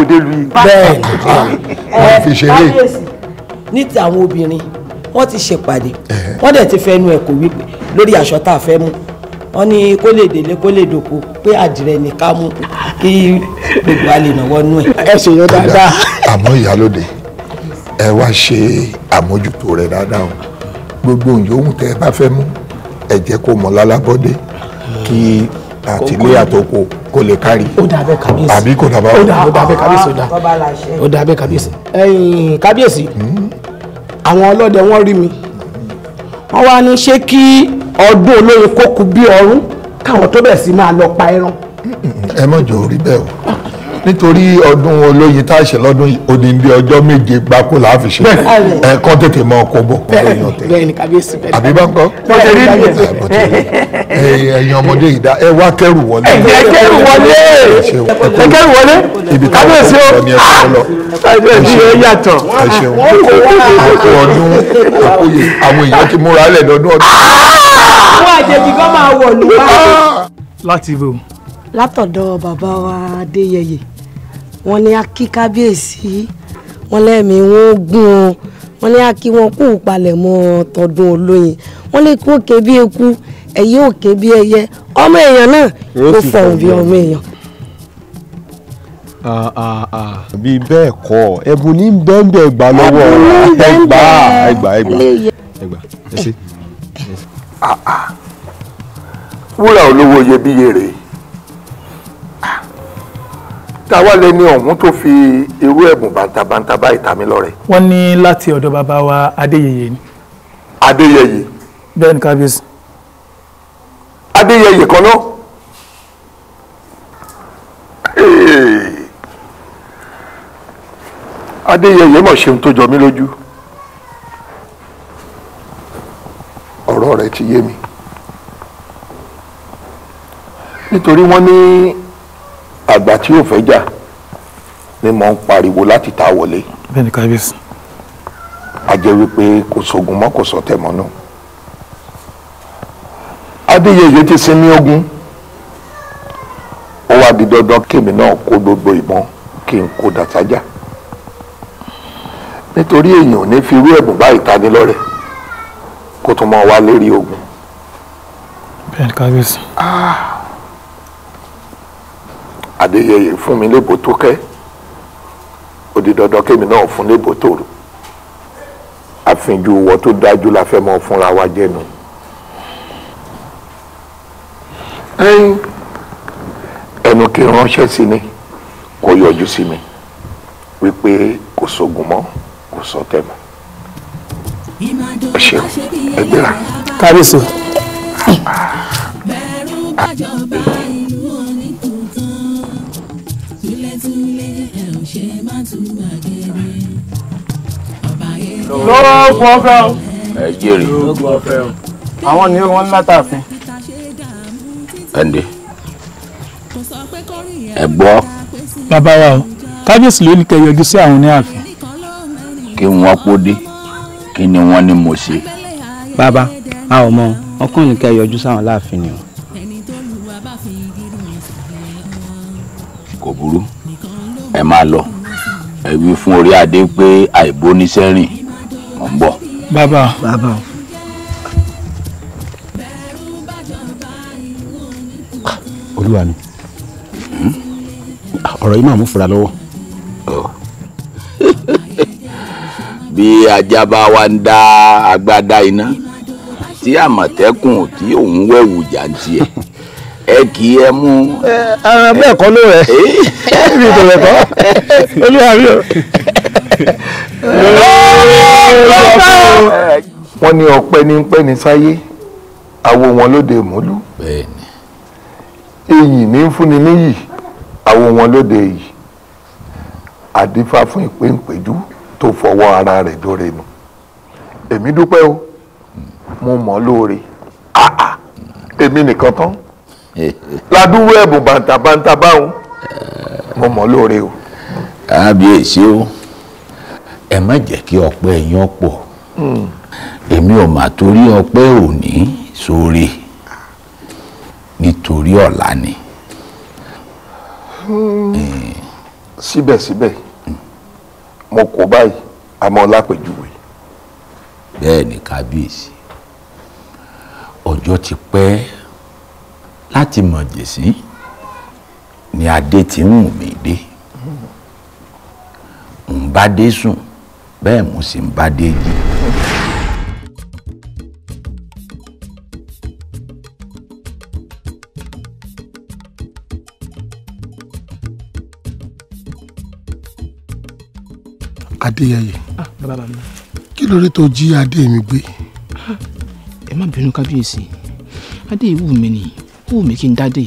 ọmọdé ah, lórí aṣọ tá a fẹ́ mú wọ́n ní kó lè délé kó lè dòkó pé àdìrẹ ní ká mú kí gbogbo a lè nàwọ́ nú ẹ̀. ẹ ṣe yẹn dáadáa. àmọ́ ìyálòde ẹ wá ṣe àmójútó rẹ̀ dáadáa o gbogbo òǹyòhùn tẹ ẹ bá fẹ́ mú ẹ jẹ́ kó mọ̀ lálábọ́dé kí àtìlé àtòkò kó lè kárí. ó dà bẹ́ẹ̀ kábíyèsí àbí kò dà bá wà. ó dà bẹ́ẹ̀ kábíyèsí ó dà ó dà bẹ́ẹ̀ kábíyèsí. Hmm. ẹ̀yin kábíyèsí hmm. àwọn ọlọ́dẹ wọ́n rí mi wọ́n wá ní ṣé kí ọdún olóyin kó ku bí ọrún káwọn tó bẹ̀ sí máa lọ pa ẹran. ẹ mọ̀ jò rí bẹ́ẹ̀ o nítorí ọdún olóyin tá a ṣe lọ́dún odindi ọjọ́ méje gbáko la fi ṣe ẹ̀ẹ̀kan tètè mọ ọkọ̀ bọ̀ olóyin ọ̀tẹ̀ àbí bá ń kọ́ ẹ̀yin ọmọdé ìdá ẹ wá kẹrù wọlé ẹ kẹrù wọlé ẹ kẹrù wọlé kábíyèsí o ah! kábíyèsí o yàtọ̀ ẹ ṣeun àkó ọdún àkóyè àwọn èèyàn ti múra lẹ̀ ọdún. Ah! àwọn àjèjì kan máa wọ̀ lù wá. láti ibo. látọ̀dọ̀ bàbá wa adéyẹyẹ wọ́n ní akí kábíyèsí wọ́n lẹ́mìí wọ́n gún un wọ́n ní akí wọn kú palẹ̀ mọ́ tọdún olóyin wọ́n lè kú òkè bí eku ẹ̀yẹ òkè bí ẹyẹ ọmọ èèyàn náà kò fọ̀hún bí ọmọ èèyàn bí bẹ́ẹ̀ kọ́ ẹ̀bùn ní bẹ́ẹ̀ bẹ́ẹ̀ gbà lọ́wọ́ ẹgbàá ẹgbàá ẹgbàá ẹgbàá ẹ ṣe wúrà olówó iyebíye rèé táwa lẹni ọ̀hún tó fi irú ẹ̀bùn bàǹtàbàǹtà báyìí ta mí lọ́rẹ. wọ́n ní láti ọ̀dọ̀ bàbá wa adéyẹyẹ ni. adéyẹyẹ. bẹ́ẹ̀ ni kábíyèsí. adéyẹyẹ kan náà. adéyẹyẹ mọ̀ ṣeun tó jọ mí lójú. ọ̀rọ̀ rẹ ti yé mi nítorí wọ́n ní àgbà tí ò fẹ́ jà ni mò ń pariwo láti ta wọlé. a jẹ́ wípé kò sógun mọ́ kò sọ̀tẹ̀ mọ́ náà. adéyẹyẹ ti sinmi ogun ó wá di dandan kémi náà kó gbogbo ìbọn kí n kó dàtàjà nítorí èèyàn ò ní fi irú ẹ̀bùn báyìí ta lọ́rẹ̀ẹ́ kó tún mọ wá lérí ogun. bẹ́ẹ̀ ni kábíyèsí. Ah. adéyẹyẹ fún mi lébo tó kẹ́ ó di dandan kémi náà fún lébo tó rò àfinjú wọ tó dájú la fẹ́ mọ fúnra wa jẹ́nu. ẹnu kí n ránṣẹ́ sí ni kó yọjú sí mi wípé kò sógun mọ́ kò sọ tẹ̀ mọ́. ṣeun ẹgbẹ́ra. kábíyèsí. lọ́gbọ́n fẹ́ o. ẹ jèrè. lọ́gbọ́n fẹ́ o. àwọn ni wọ́n ń látàfin. ẹ̀ǹdẹ̀ ẹ gbọ́. bàbá wa o kábíyèsí ló ní kẹ́ yọjú sí àwọn ní kí wọ́n pọ́ dé kí ni wọ́n ní mo ṣe bàbá a ò mọ ọkàn nìkan yọjú sáwọn láàfin ni o. kò burú ẹ máa lọ ẹ wí fún orí adé pé àìbóníṣẹ́rìn mọ̀ ń bọ̀. bàbá bàbá o. olúwa mi ọ̀rọ̀ yìí máa mú fura lọ́wọ́ bí ajá bá wá ń dá agbádá iná tí àmọ̀tẹ́kùn tí òun wẹ̀wù jàǹtì ẹ̀ ẹ kì í ẹ mú. ara bẹ́ẹ̀ kọ́ ló rẹ̀ ẹ̀ẹ́dì ìbẹ̀rẹ̀ kọ́ olú àbí o. wọ́n ní ọ̀pẹ ní pẹ́ ní sáyé àwo wọn lóde ìmúlú iyì ní fúnni níyì àwo wọn lóde yìí àdífá fún ìpéǹpéjú tó fọwọ́ ara rẹ̀ dóore nù èmi dúpẹ́ o mo mọ̀ lóore àà èmi nìkan tán ládùúgbò ẹ̀bùn bàǹtàbàǹtà báwọn mo mọ̀ lóore o. kábíyèsí o ẹ má jẹ́ kí ọpẹ́ yín pọ̀ hmm. èmi ò mà torí ọpẹ́ òní sóore nítorí ọ̀la ni. Hmm. síbẹ̀síbẹ̀. Hmm. Eh mo kò báyìí àmọ́ lápèjúwe. bẹ́ẹ̀ ni kábíyèsí ọjọ́ ti pẹ́ láti mọ̀jẹ̀sí ni adé ti ń wù mí dé ń bá dé sùn bẹ́ẹ̀ mo sì ń bá dé jí. adéyẹyẹ ah, kí ló dé tó jí adé mi gbé. Ah, ẹ má bínú kábíyèsí adé ìwú mi ni ó mi kí n dádé.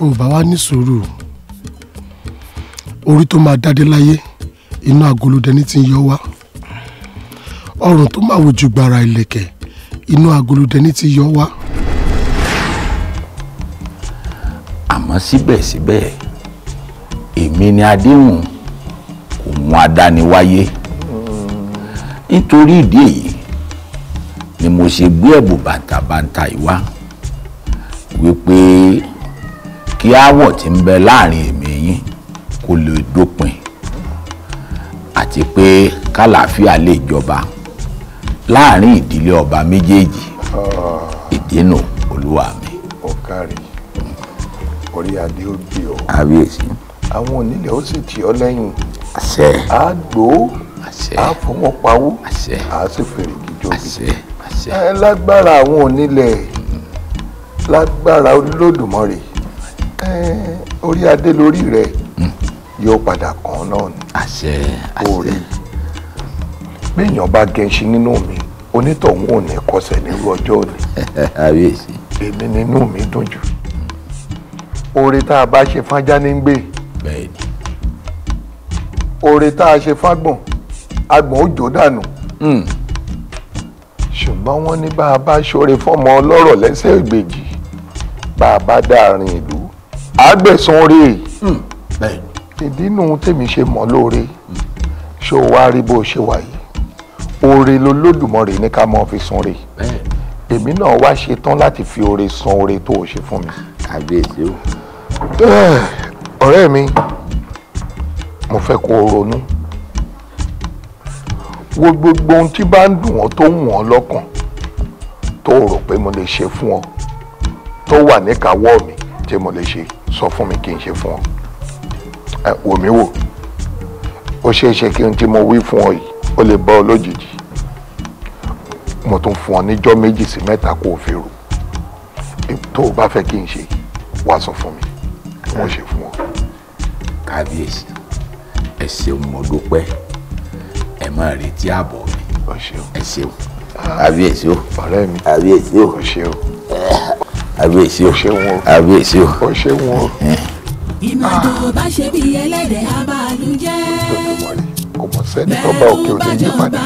o bá wa ní sùúrù orí tó máa dádé láyé inú agolo dẹni ti ń yọ wá ọrùn tó máa wojú gbàrà ìlẹ̀kẹ̀ inú agolo dẹni ti yọ wá. àmọ́ síbẹ̀síbẹ̀ èmi ni adéhùn àwọn adániwáyé nítorí ìdí èyí ni mo ṣe gbé ẹ̀bùn bàǹtàbàǹtà yìí wá wípé kí aáwọ̀ tí ń bẹ láàrin èmi yín kó lè dópin àti pé kálàáfíà lè jọba láàrin ìdílé ọba méjèèjì ìdínà olúwa mi. ọ̀kàrí orí adé ó gbé ọ. àbíyèsí. àwọn onílẹ̀ ó sì tì ọ lẹ́yìn àṣẹ àgbò àfọwọ́pawó àṣìfèrè gíjọba lágbára àwọn onílẹ̀ lágbára olódùmarè orí adé lórí rẹ hmm. yóò padà kàn án náà ni àṣẹ orí béèyàn bá gẹṣin nínú mi onítọ̀hún ò ní kọsẹ̀ nírú ọjọ́ òní èmi nínú mi dùn jù oore tá a bá ṣe fájá ní gbé. bẹ́ẹ̀ni oore tá a ṣe fágbọ̀n agbọ̀n ó jó dànù hmm. ṣùgbọ́n wọ́n ní bá a bá ṣoore fọ́mọ ọlọ́rọ̀ lẹ́sẹ̀ ìgbèjì bá a bá dáàrin ìlú àgbẹ̀sán rè é ìdí nù tèmi ṣe mọ̀ lóore ṣó o wá rí bó o ṣe wà yìí oore lolódùmarè ní ká mọ fi sun re èmi náà wá ṣe tán láti fi oore san oore tó o ṣe fún mi. kàbíyèsí o. ọ̀rẹ́ mi mo fẹ́ kó o ronú wo gbogbo ohun tí bá ń dùn ọ́ tó ń wọ̀n ọ́ lọ́kàn tó rò pé mo lè ṣe fún ọ tó wà níkàáwọ́ mi tí mo lè ṣe sọ fún mi kí n ṣe fún ọ ẹ wò mí wò ó ṣeé ṣe kí n tí mo wí fún ọ yìí ó lè bá ọ lójijì mo tún fún ọ níjọ́ méjì sí mẹ́ta kó o fi rò tó o bá fẹ́ kí n ṣe wá sọ fún mi mo ṣe fún ọ. kábíyèsí ẹ ṣeun mo dúpẹ́ ẹ má retí ààbọ̀ mi ẹ ṣeun àbíyèsí ah. o ọ̀rẹ́ mi àbíyèsí o àbíyèsí o àbíyèsí o ó ṣeun o. ìmọ̀ tó ah. bá ṣe bí ẹlẹ́dẹ̀ á bá a lù jẹ́ ọmọ sẹ́ni bá òkè òde yí padà.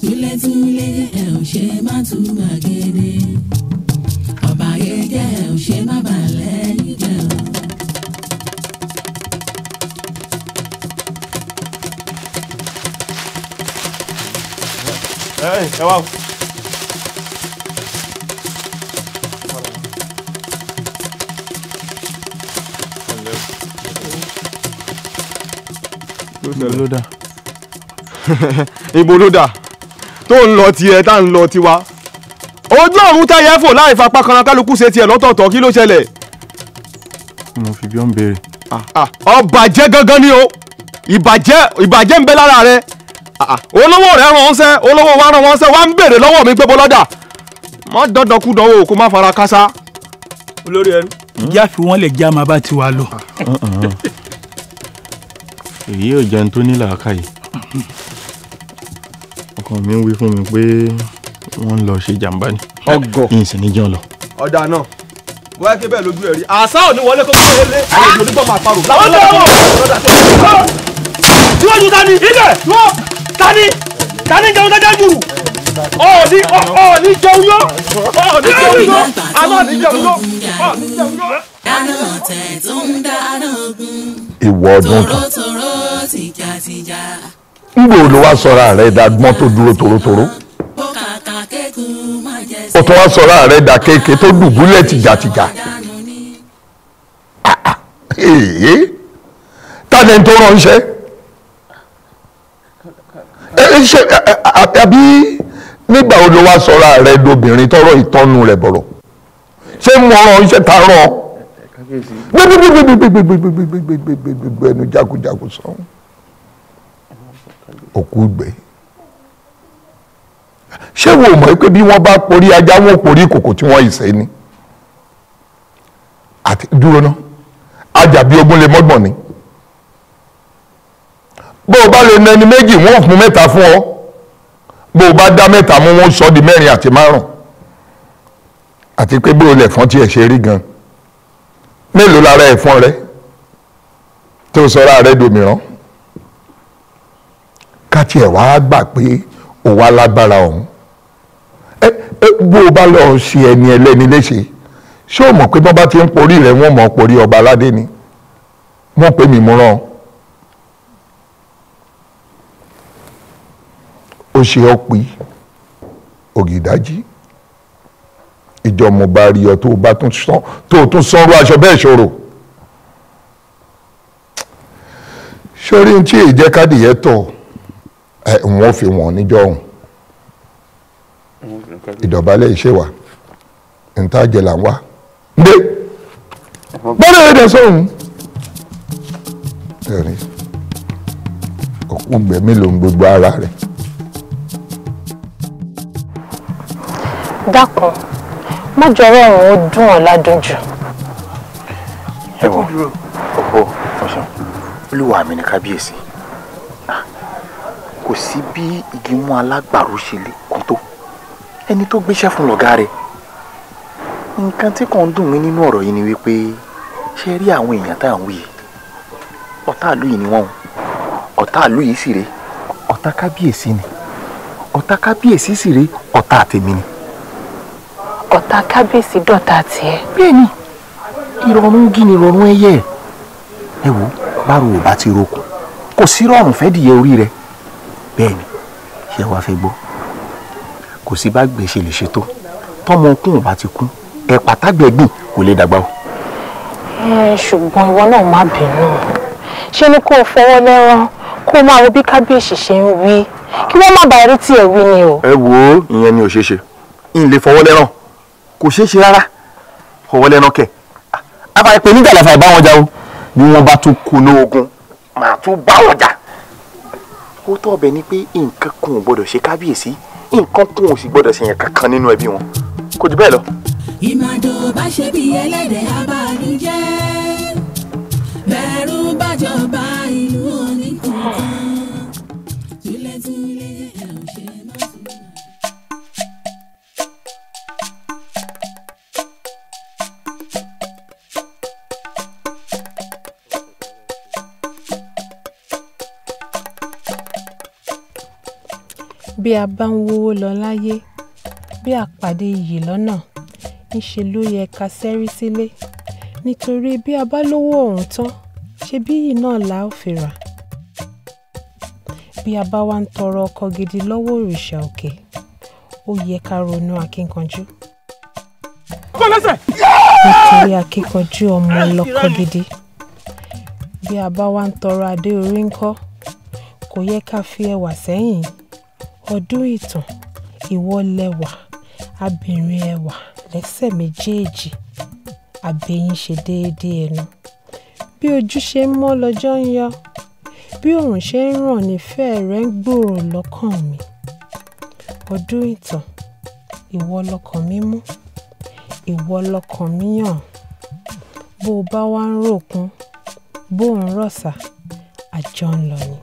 túlẹ̀túlẹ̀ ẹ̀ ò ṣe má tún gbàgede ọ̀bàyéjẹ́ ẹ̀ ò ṣe má bàa lẹ́yìn jẹun. ẹ wá o. ibo ló dà ibo ló dà tó ń lọ tiẹ̀ tá ń lọ tiwa ojú ọ̀run tẹ́yẹ fò láì fapá kanra kálukú ṣe tiẹ̀ lọ́tọ̀ọ̀tọ̀ kí ló ṣẹlẹ̀. mo fi bí ó ń béèrè. Ah, ah, ọbàjẹ́ gangan ni o ìbàjẹ́ ìbàjẹ́ ń bẹ lára rẹ olówó rẹ̀ ràn wọ́n sẹ́ olówó wa ràn wọ́n sẹ́ wá ń béèrè lọ́wọ́ mi pé bó lọ́jà mọ́ dandan kú dánwò kó má fara kásá. olórí ẹnu. ìjà fi wọn lè jẹ́ àmọ́ bá ti wá lọ. èyí ò jẹun tó ní làákàyè ọkàn mi ń wí fún mi pé wọ́n ń lọ ṣe jàǹbá ni. ọgọ ìsìn ní jẹun lọ. ọ̀dà náà wáyé kí bẹ́ẹ̀ lójú ẹ̀ rí àṣà ò ní wọlé kó máa wọlé àlejò onígbọ̀n máa parò. làwọn tẹ́wọ̀ síwájú ta ni. ibẹ̀ wọ́n tani tani jẹun dájá jù ọ̀ọ́ni ọ̀ọ́ni jẹun yó ọ̀ọ́ni jẹun yó aláàni jẹun yó ọ̀ọ́ni jẹun yó. dáná ọ̀tẹ̀ tó ń dáná ogun ìwọ ọdún kan tòrótòró ló wá sọ̀rọ̀ ààrẹ ìdágbọ́n tó dúró tòrótòró ó tún wá sọ̀rọ̀ ààrẹ ìdá kéèké tó dùbúlẹ̀ tìjàtìjà ah, ah, eh, eh. tani tó ránṣẹ́ ṣe àbí nígbà wo ló wá sọra rẹ lóbìnrin tọrọ ìtọ́nu rẹ bọ̀rọ̀ ṣé mo rán iṣẹ́ ta rán gbẹgbẹgbẹgbẹgbẹgbẹgbẹgbẹgbẹgbẹgbẹgbẹ ẹnu jákujàku sọ òkú gbẹ ṣé wo mọ̀ pé bí wọ́n bá porí ajá wọn porí kòkò tí wọ́n ìṣe ni àti dúró ná ajá bí ogún lè mọ́gbọ̀n ni bó o bá lè na ẹni méjì wọ́n fún mẹ́ta fún ọ bó o bá dá mẹ́ta mú wọ́n sọ di mẹ́rin àti márùn àti pé bó o lè fọ́n tiẹ̀ ṣe rí gan mélòó lára ẹ̀fọn rẹ tó sọra rẹ dòmíràn ká tiẹ̀ wá gbà pé òwa lágbára ọ̀hún bó o bá lọ ṣe ẹni ẹlẹ́ni léṣe ṣé o mọ̀ pé bọ́n bá ti ń porí rẹ̀ wọ́n mọ̀ porí ọba aládé ni wọ́n pè mí mú rán ó ṣe ọ́ pé ògìdájí ìjọ mo bá rí ọ tó o bá tún sán tó o tún sánrú aṣọ bẹ́ẹ̀ ṣòro sórí tí èyí jẹ́ káàdì yẹn tọ̀ ẹ̀ wọ́n fi wọ́n níjọ́ ọ̀hún ìdọ̀bálẹ̀ ìṣèwà ntàjẹ̀ là ń wá ndé gbọ́dọ̀ yẹn dẹ̀ sóhun òkú gbẹ̀mí lòun gbogbo ara rẹ̀. dákun má jọrọ ọ̀run ó dùn ọ́ ládùn jù. ẹ olúwa mi ní kábíyèsí ah, kò sí igi mú ṣe lè kún tó ẹni tó gbéṣẹ́ fún rẹ̀ nǹkan tí ń dùn mí nínú ni wípé ṣe rí àwọn èèyàn tá à ń ọ̀tá yìí ni wọ́n ọ̀tá yìí sì ọ̀tá kábíyèsí ni ọ̀tá kábíyèsí sì ọ̀tá ni ọ̀tá kábíyèsí dọ̀tá tiẹ̀. bẹ́ẹ̀ni ìrọ̀rùn gíní ìrọ̀rùn ẹyẹ ẹ wo báwo ò bá ti rokùn kò sí rọrùn fẹ́ dìye orí rẹ bẹ́ẹ̀ni ṣé wàá fẹ́ gbọ́ kò sí bá gbèsè lè ṣe tó tọmọ okùn ò bá ti kún ẹ pàtàgbẹ́gbìn kò lè dàgbà o. ṣùgbọ́n ìwọ náà má bínú ṣé ni kò fọwọ́ lẹ́rán kó máa wo bí kábíyèsí ṣe ń wí kí wọ́n má bàa rí tiẹ̀ wí ni o. ẹ wo ìyẹn ni ò ṣeé ṣe n lè fọwọ́ lẹ́rán kò ṣeé ṣe rárá ọ̀wọ́ lẹ́nu kẹ̀ afáìpẹ́ nígbà làfà bá wọn jà o ni wọ́n bá tún kuná ogun màá tún bá wọn jà. ó tọ́ ọbẹ̀ ni pé nǹkan kan ò gbọ́dọ̀ ṣe kábíyèsí nǹkan kan ò sì gbọ́dọ̀ ṣe yẹn kankan nínú ẹbí wọn kò jù bẹ́ẹ̀ lọ. ìmàdò bá ṣe bí ẹlẹ́dẹ̀ẹ́ abàlújẹ́ bí a bá ń wówó lọ láyé bí a pàdé iyì lọ́nà ńṣe ló yẹ ká ṣẹ́rí sílé nítorí bí a bá lówó ọ̀hún tán ṣebí iyì náà la ó fi rà bí a bá wá ń tọrọ ọkọ gidi lọ́wọ́ òrìṣà òkè ó yẹ ká ronú akínkanjú. nítorí akínkanjú ọmọ ọlọ́kọ gidi bí a bá wá ń tọrọ adé orí ńkọ́ kò yẹ ká fi ẹwà sẹ́yìn ọdún ìtàn ìwọ lẹwà abìnrin ẹwà lẹ́sẹ̀ méjèèjì àbẹ̀yìn ṣe déédéé ẹnu bí ojú ṣe ń mọ́ lọ́jọ́ ń yọ bí òòrùn ṣe ń ràn nífẹ̀ rẹ̀ ń gbòòrò lọ́kàn mi ọdún ìtàn ìwọ lọkàn mi mú ìwọ lọkàn mi yàn bó o bá wá ń ròkun bó o ń rọ̀ṣà àjọ ń lọ ni.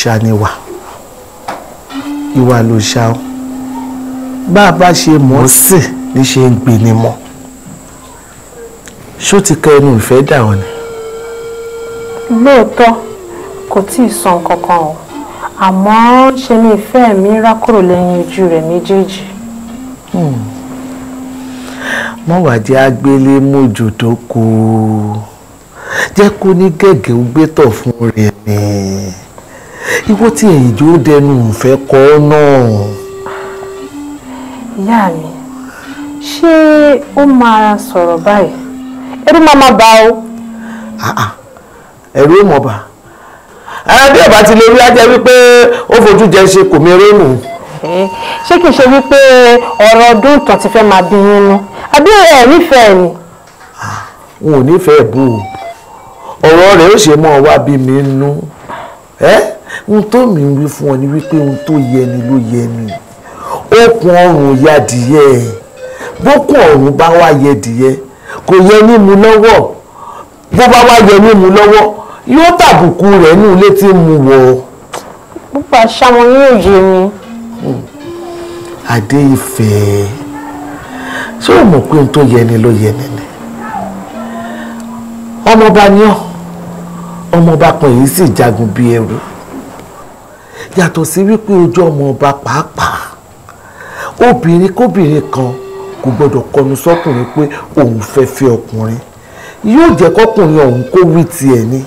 òòṣà níwà ìwà lòòṣà o bá a bá ṣe mọ̀ sí ní ṣe ń gbé ni mọ́ ṣó ti kẹ ẹnu ìfẹ́ dà ọ́ ni. lóòótọ́ kò tí ì sọ nǹkan kan o àmọ́ ṣe ni ìfẹ́ mi rákòrò lẹ́yìn ojú rẹ̀ méjèèjì. Hmm. mọ wàdí agbélé mójú tó kù jẹ́ kó ní gẹ̀gẹ̀ gbétọ̀ fún rẹ̀ ìwọ tí ẹ̀yìn jó dẹnu ìfẹ́ kọ́ náà. ìyá mi ṣé ó máa sọ̀rọ̀ báyìí ẹ̀rù máa máa bá o. ẹ̀rù ó mọ̀ bá bí ọba ti lè rí ajẹ́ wípé ó fojú jẹ ṣe kò mí rénù. ṣé kìí ṣe wípé ọ̀rọ̀ ọdún ìtàn ti fẹ́ máa bí yín nu àbí ẹ̀ nífẹ̀ẹ́ ni. Ah, n ò nífẹ̀ẹ́ bù ú ọ̀rọ̀ rẹ̀ ó ṣe mọ́ ọ wá bí mi nú. Eh? ohun tó mi ń wí fún ọ ni wípé ohun tó yẹ ni ló yẹ ni okùn ọrùn ya dìyẹ bókùn ọrùn bá wá yẹ dìyẹ kò yẹ nímú lọ́wọ́ bó bá wá yẹ nímú lọ́wọ́ yóò tàbùkù rẹ̀ ní ilé tí mu wọ̀. púpà ṣàmọ yóò yé mi. Hmm. adé ìfẹ́ ṣé o mọ̀ pé ohun tó yẹ ni ló yẹ nìyẹn ọmọọba ni ọ ọmọọba kan yìí sì jagun bí ẹrú yàtọ̀ sí wípé ojú ọmọ ọba pàápàá obìnrin kóbìnrin kan kò gbọdọ̀ kọnu sọ́kùnrin pé òun fẹ́ fẹ́ ọkùnrin yóò jẹ́ kọ́kùnrin ọ̀hún kó wí tiẹ̀ ni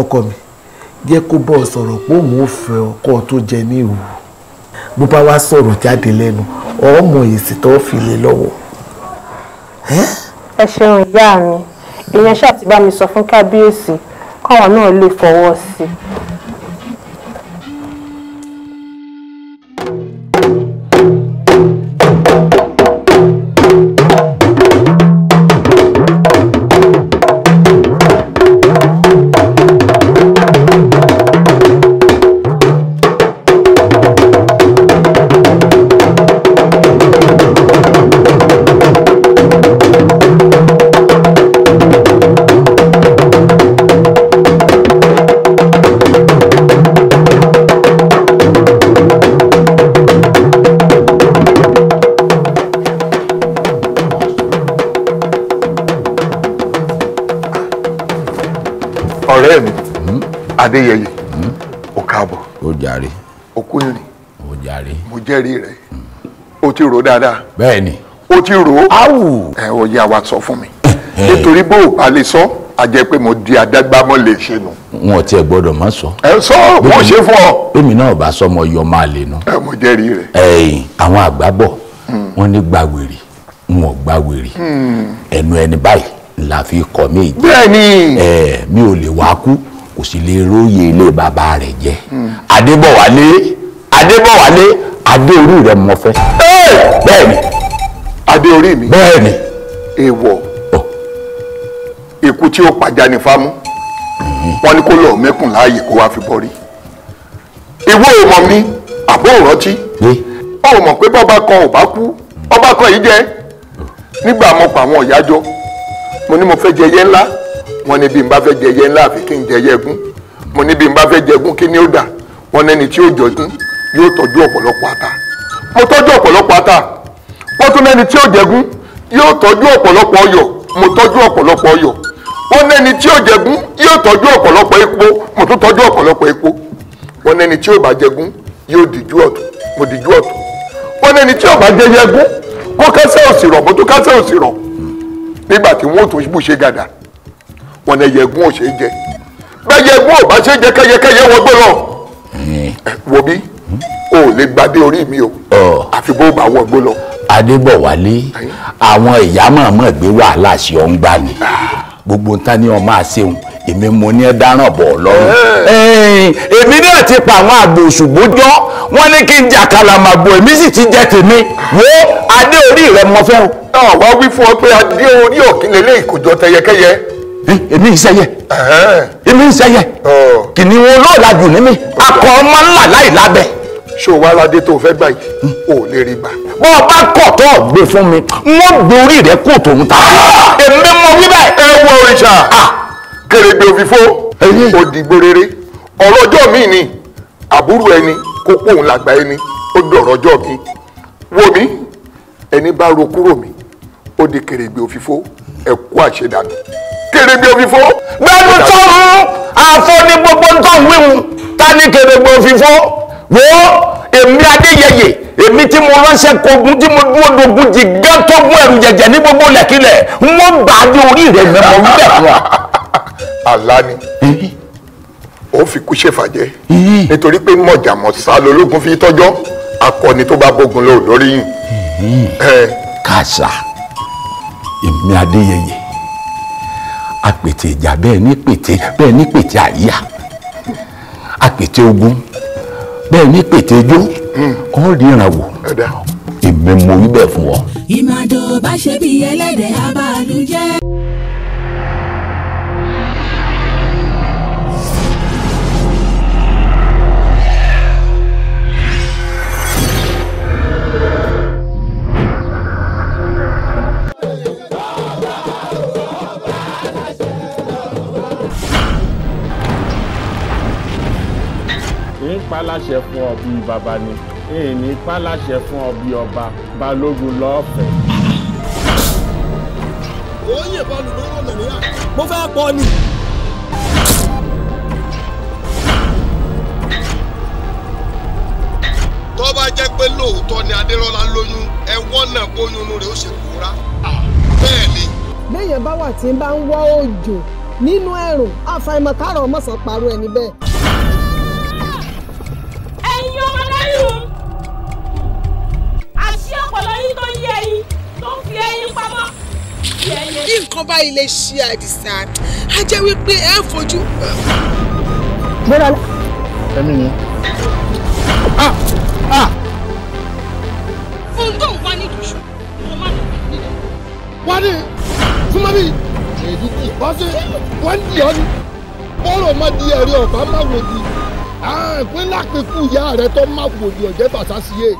ọkọ mi jẹ́ kó bọ́ sọ̀rọ̀ pé òun ò fẹ́ ọkọ tó jẹ ní ìhù bó bá wá sọ̀rọ̀ jáde lẹ́nu ọmọ èsì tó fi lè lọ́wọ́. ẹ ṣeun ìyá mi ìyẹn ṣáà ti bá mi sọ fún kábíyèsí káwọn náà lè fọwọ́ sí i. adéyẹyẹ hmm? o káàbọ̀ o jàre o kú o jàre mo jẹ́rìí rẹ̀ hmm. o ti rò dáadáa bẹ́ẹ̀ ni o ti rò áwù ẹ o yà wá sọ fún mi nítorí bó o bá lè sọ a jẹ pé mo di adágbámọ lè ṣe nu. wọn ò tiẹ̀ gbọ́dọ̀ má sọ. ẹ sọ wọn ṣe fún ọ. èmi náà bá sọ ọmọ yọ máa lè nu. ẹ mo jẹ́rìí rẹ̀. ẹ̀yìn àwọn àgbà bọ̀ hmm. wọ́n ní gbàwèrè n ò gbàwèrè ẹnu ẹni báyìí la fi kọ mí. bẹ́ẹ̀ni. ẹ mi ò lè wá kú kò sì lè róye ilé bàbá rẹ̀ jẹ adébọ̀wálé adébọ̀wálé adé orí rẹ̀ mo fẹ́. bẹ́ẹ̀ ni. adé orí mi. bẹ́ẹ̀ ni. èèwọ̀ ikú tí ó pàjá mhm. ní fámú wọn ni kó lọ mẹ́kùn láàyè kó wá fi bọ́rí ìwé ọmọ mi àbó ìrántí ó mọ̀ pé bọ́ba kan ò bá kú ọba kan yìí jẹ́ nígbà mo pa àwọn ìyájọ́ mo ní mo fẹ́ jẹ yẹn ńlá wọ́n ní bí n bá fẹ́ jẹyẹ ńlá àfi kí n jẹyẹ ẹgún mo ní bí n bá fẹ́ jẹgún kí ni ó dà wọ́n ní ẹni tí yóò jọgún yóò tọ́jú ọ̀pọ̀lọpọ̀ ata mo tọ́jú ọ̀pọ̀lọpọ̀ ata wọ́n tún lẹ́ni tí yóò jẹgún yóò tọ́jú ọ̀pọ̀lọpọ̀ ọyọ̀ mo tọ́jú ọ̀pọ̀lọpọ̀ ọyọ̀ wọ́n lẹ́ni tí yóò jẹgún yóò tọ́jú ọ̀pọ̀lọpọ̀ epo mo tún tọ́jú ọ̀pọ̀lọpọ̀ epo wọ́n lẹ́ni tí yóò bá jẹgún yóò dìjú ọ̀tún mo dìjú ọ̀tún wọ́n lẹ́ni tí yóò bá jẹyẹ kó kásẹ̀ òsì rọ̀ mo tún kásẹ̀ òsì rọ̀ nígbà tí wọ́n ò tún bù ṣe gàdà wọn ní ẹyẹgún ò ṣe é jẹ bẹ́yẹgún ò bá ṣe é jẹ kẹ́yẹkẹ́yẹ wọ́n gbé lọ. wo bí o ò lè gbadé orí mi o àfi bó bá wọ́n gbé lọ. adébọ̀wálé àwọn ìyá màmá gbé wàhálà sí ọ̀ ń gbà ní ah. gbogbo ntá ni wọn máa ṣeun èmi mo ní ẹ dáràn bọ̀ lọ́rùn. èmi náà ti pa àwọn àgbò òṣùgbó jọ wọn ní kí n jà kàlàmàgbò èmi sì ti jẹ tèmi wo adé orí rẹ mọ fẹ́ o. àwa wí fún ọ pé adé orí ọ̀kìnlélẹ́yìn kò tẹyẹkẹyẹ èmi ìṣẹ́yẹ èmi ìṣẹ́yẹ kìnìún olóòlàjù ní mi akọ ọmọ ńlá láì lábẹ́. ṣé o wá ládé tó o fẹ́ gbà yìí hmm. o ò lè rí gbà. bọ́ ọ bá kọ̀ tó o gbé fún mi wọ́n gborí rẹ̀ kó tòun ta. Ah! èmi mọ wíbẹ̀. ẹ wọ òrìṣà ah! kèrègbè òfìfo òdìgbò rere ọlọ́jọ́ mi ni àbúrò ẹni kó pòun làgbà ẹni ó dọ̀rọ̀ ọjọ́ mi wo mi ẹni bá ro kúrò mi ó di kèrègbè òfìfo ẹ kú kèrègbè òfìfo gbẹnu tọrùn àfọ ní gbogbo tó ń wíwù ta ní kèrègbè òfìfo wo èmi adéyẹyẹ èmi tí mo ránṣẹ́ kogun tí mo dúró dogun ti gán tó gún ẹrù jẹjẹ ní gbogbo lẹkìlẹ wọn bá a ní orí rẹ mẹmọ wíwẹ fún wa. àlá ni ó fi kú ṣèfàjẹ nítorí pé mọ̀jàmọ̀sá lológun fi tọ́jọ́ akọni tó bá bógun lò lórí yìí. kàṣà èmi adéyẹyẹ apètè ìjà bẹ́ẹ̀ ní pètè bẹ́ẹ̀ ní pètè àyíyá apètè ogun bẹ́ẹ̀ ní pètè ijó ó ríran wò èmi mo wí fún ọ. ìmàdò bá ṣe bí ẹlẹ́dẹ̀ẹ́ abàlú jẹ́. páláṣẹ fún ọ bí bàbá ni èyí ní páláṣẹ fún ọ bí ọba balógun lọ́ọ̀fẹ́. òye bọ́ọ̀lù ló rọ̀ nàìjíríà. mo fẹ́ pọ ni. tó bá jẹ́ pé lóòótọ́ ni adérọ́lá lóyún ẹ̀wọ́n náà bóyún inú rẹ̀ ó ṣe kúra. bẹ́ẹ̀ ni. bẹ́ẹ̀ yẹn bá wà tí ń bá ń wọ́ òjò nínú ẹ̀rùn àfàìmọ̀ káàrọ̀ mọ̀sán parọ́ ẹni bẹ́ẹ̀. kí nǹkan báyìí lè ṣe àdìsá á jẹ́ wípé ẹ fojú. bọ́lá ẹ̀mí ni. Ah, ah. ohun tó ń wá ní ìdúṣù ló má lọ nílẹ̀. wá ní fúnmọ́bí èyí kì í pàṣẹ wọ́n ń dìọ́ bọ́rọ̀ má di ẹ̀rí ọ̀bá má wò di ìpínlẹ̀ àpẹkù ìyá rẹ tó má wò di ọ̀jẹ̀ bàtà sí i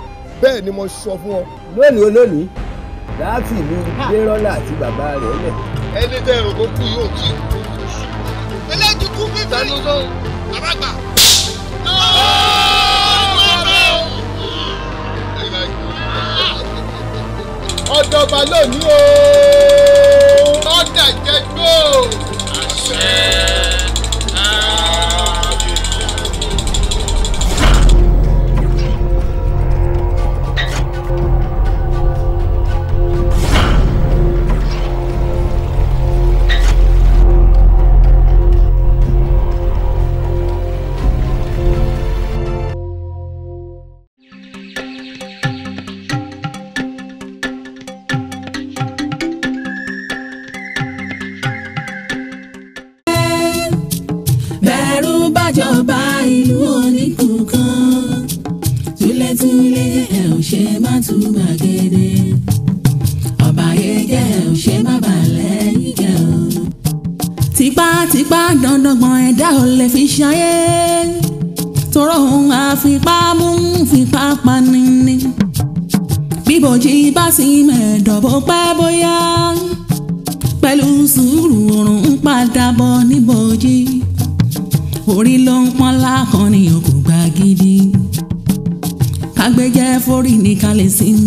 bẹ́ẹ̀ ni mo sọ fún ọ. lónìí olónìí láti ìlú dérọ́là àti bàbá rẹ̀ lẹ̀. ẹni tẹ́ ẹ̀rọ kó kú yóò tí kú. kú fífi. sanu tó. bàbá gbà. lónìí o. ọ̀dà jẹ́ gbòò. àṣẹ. is in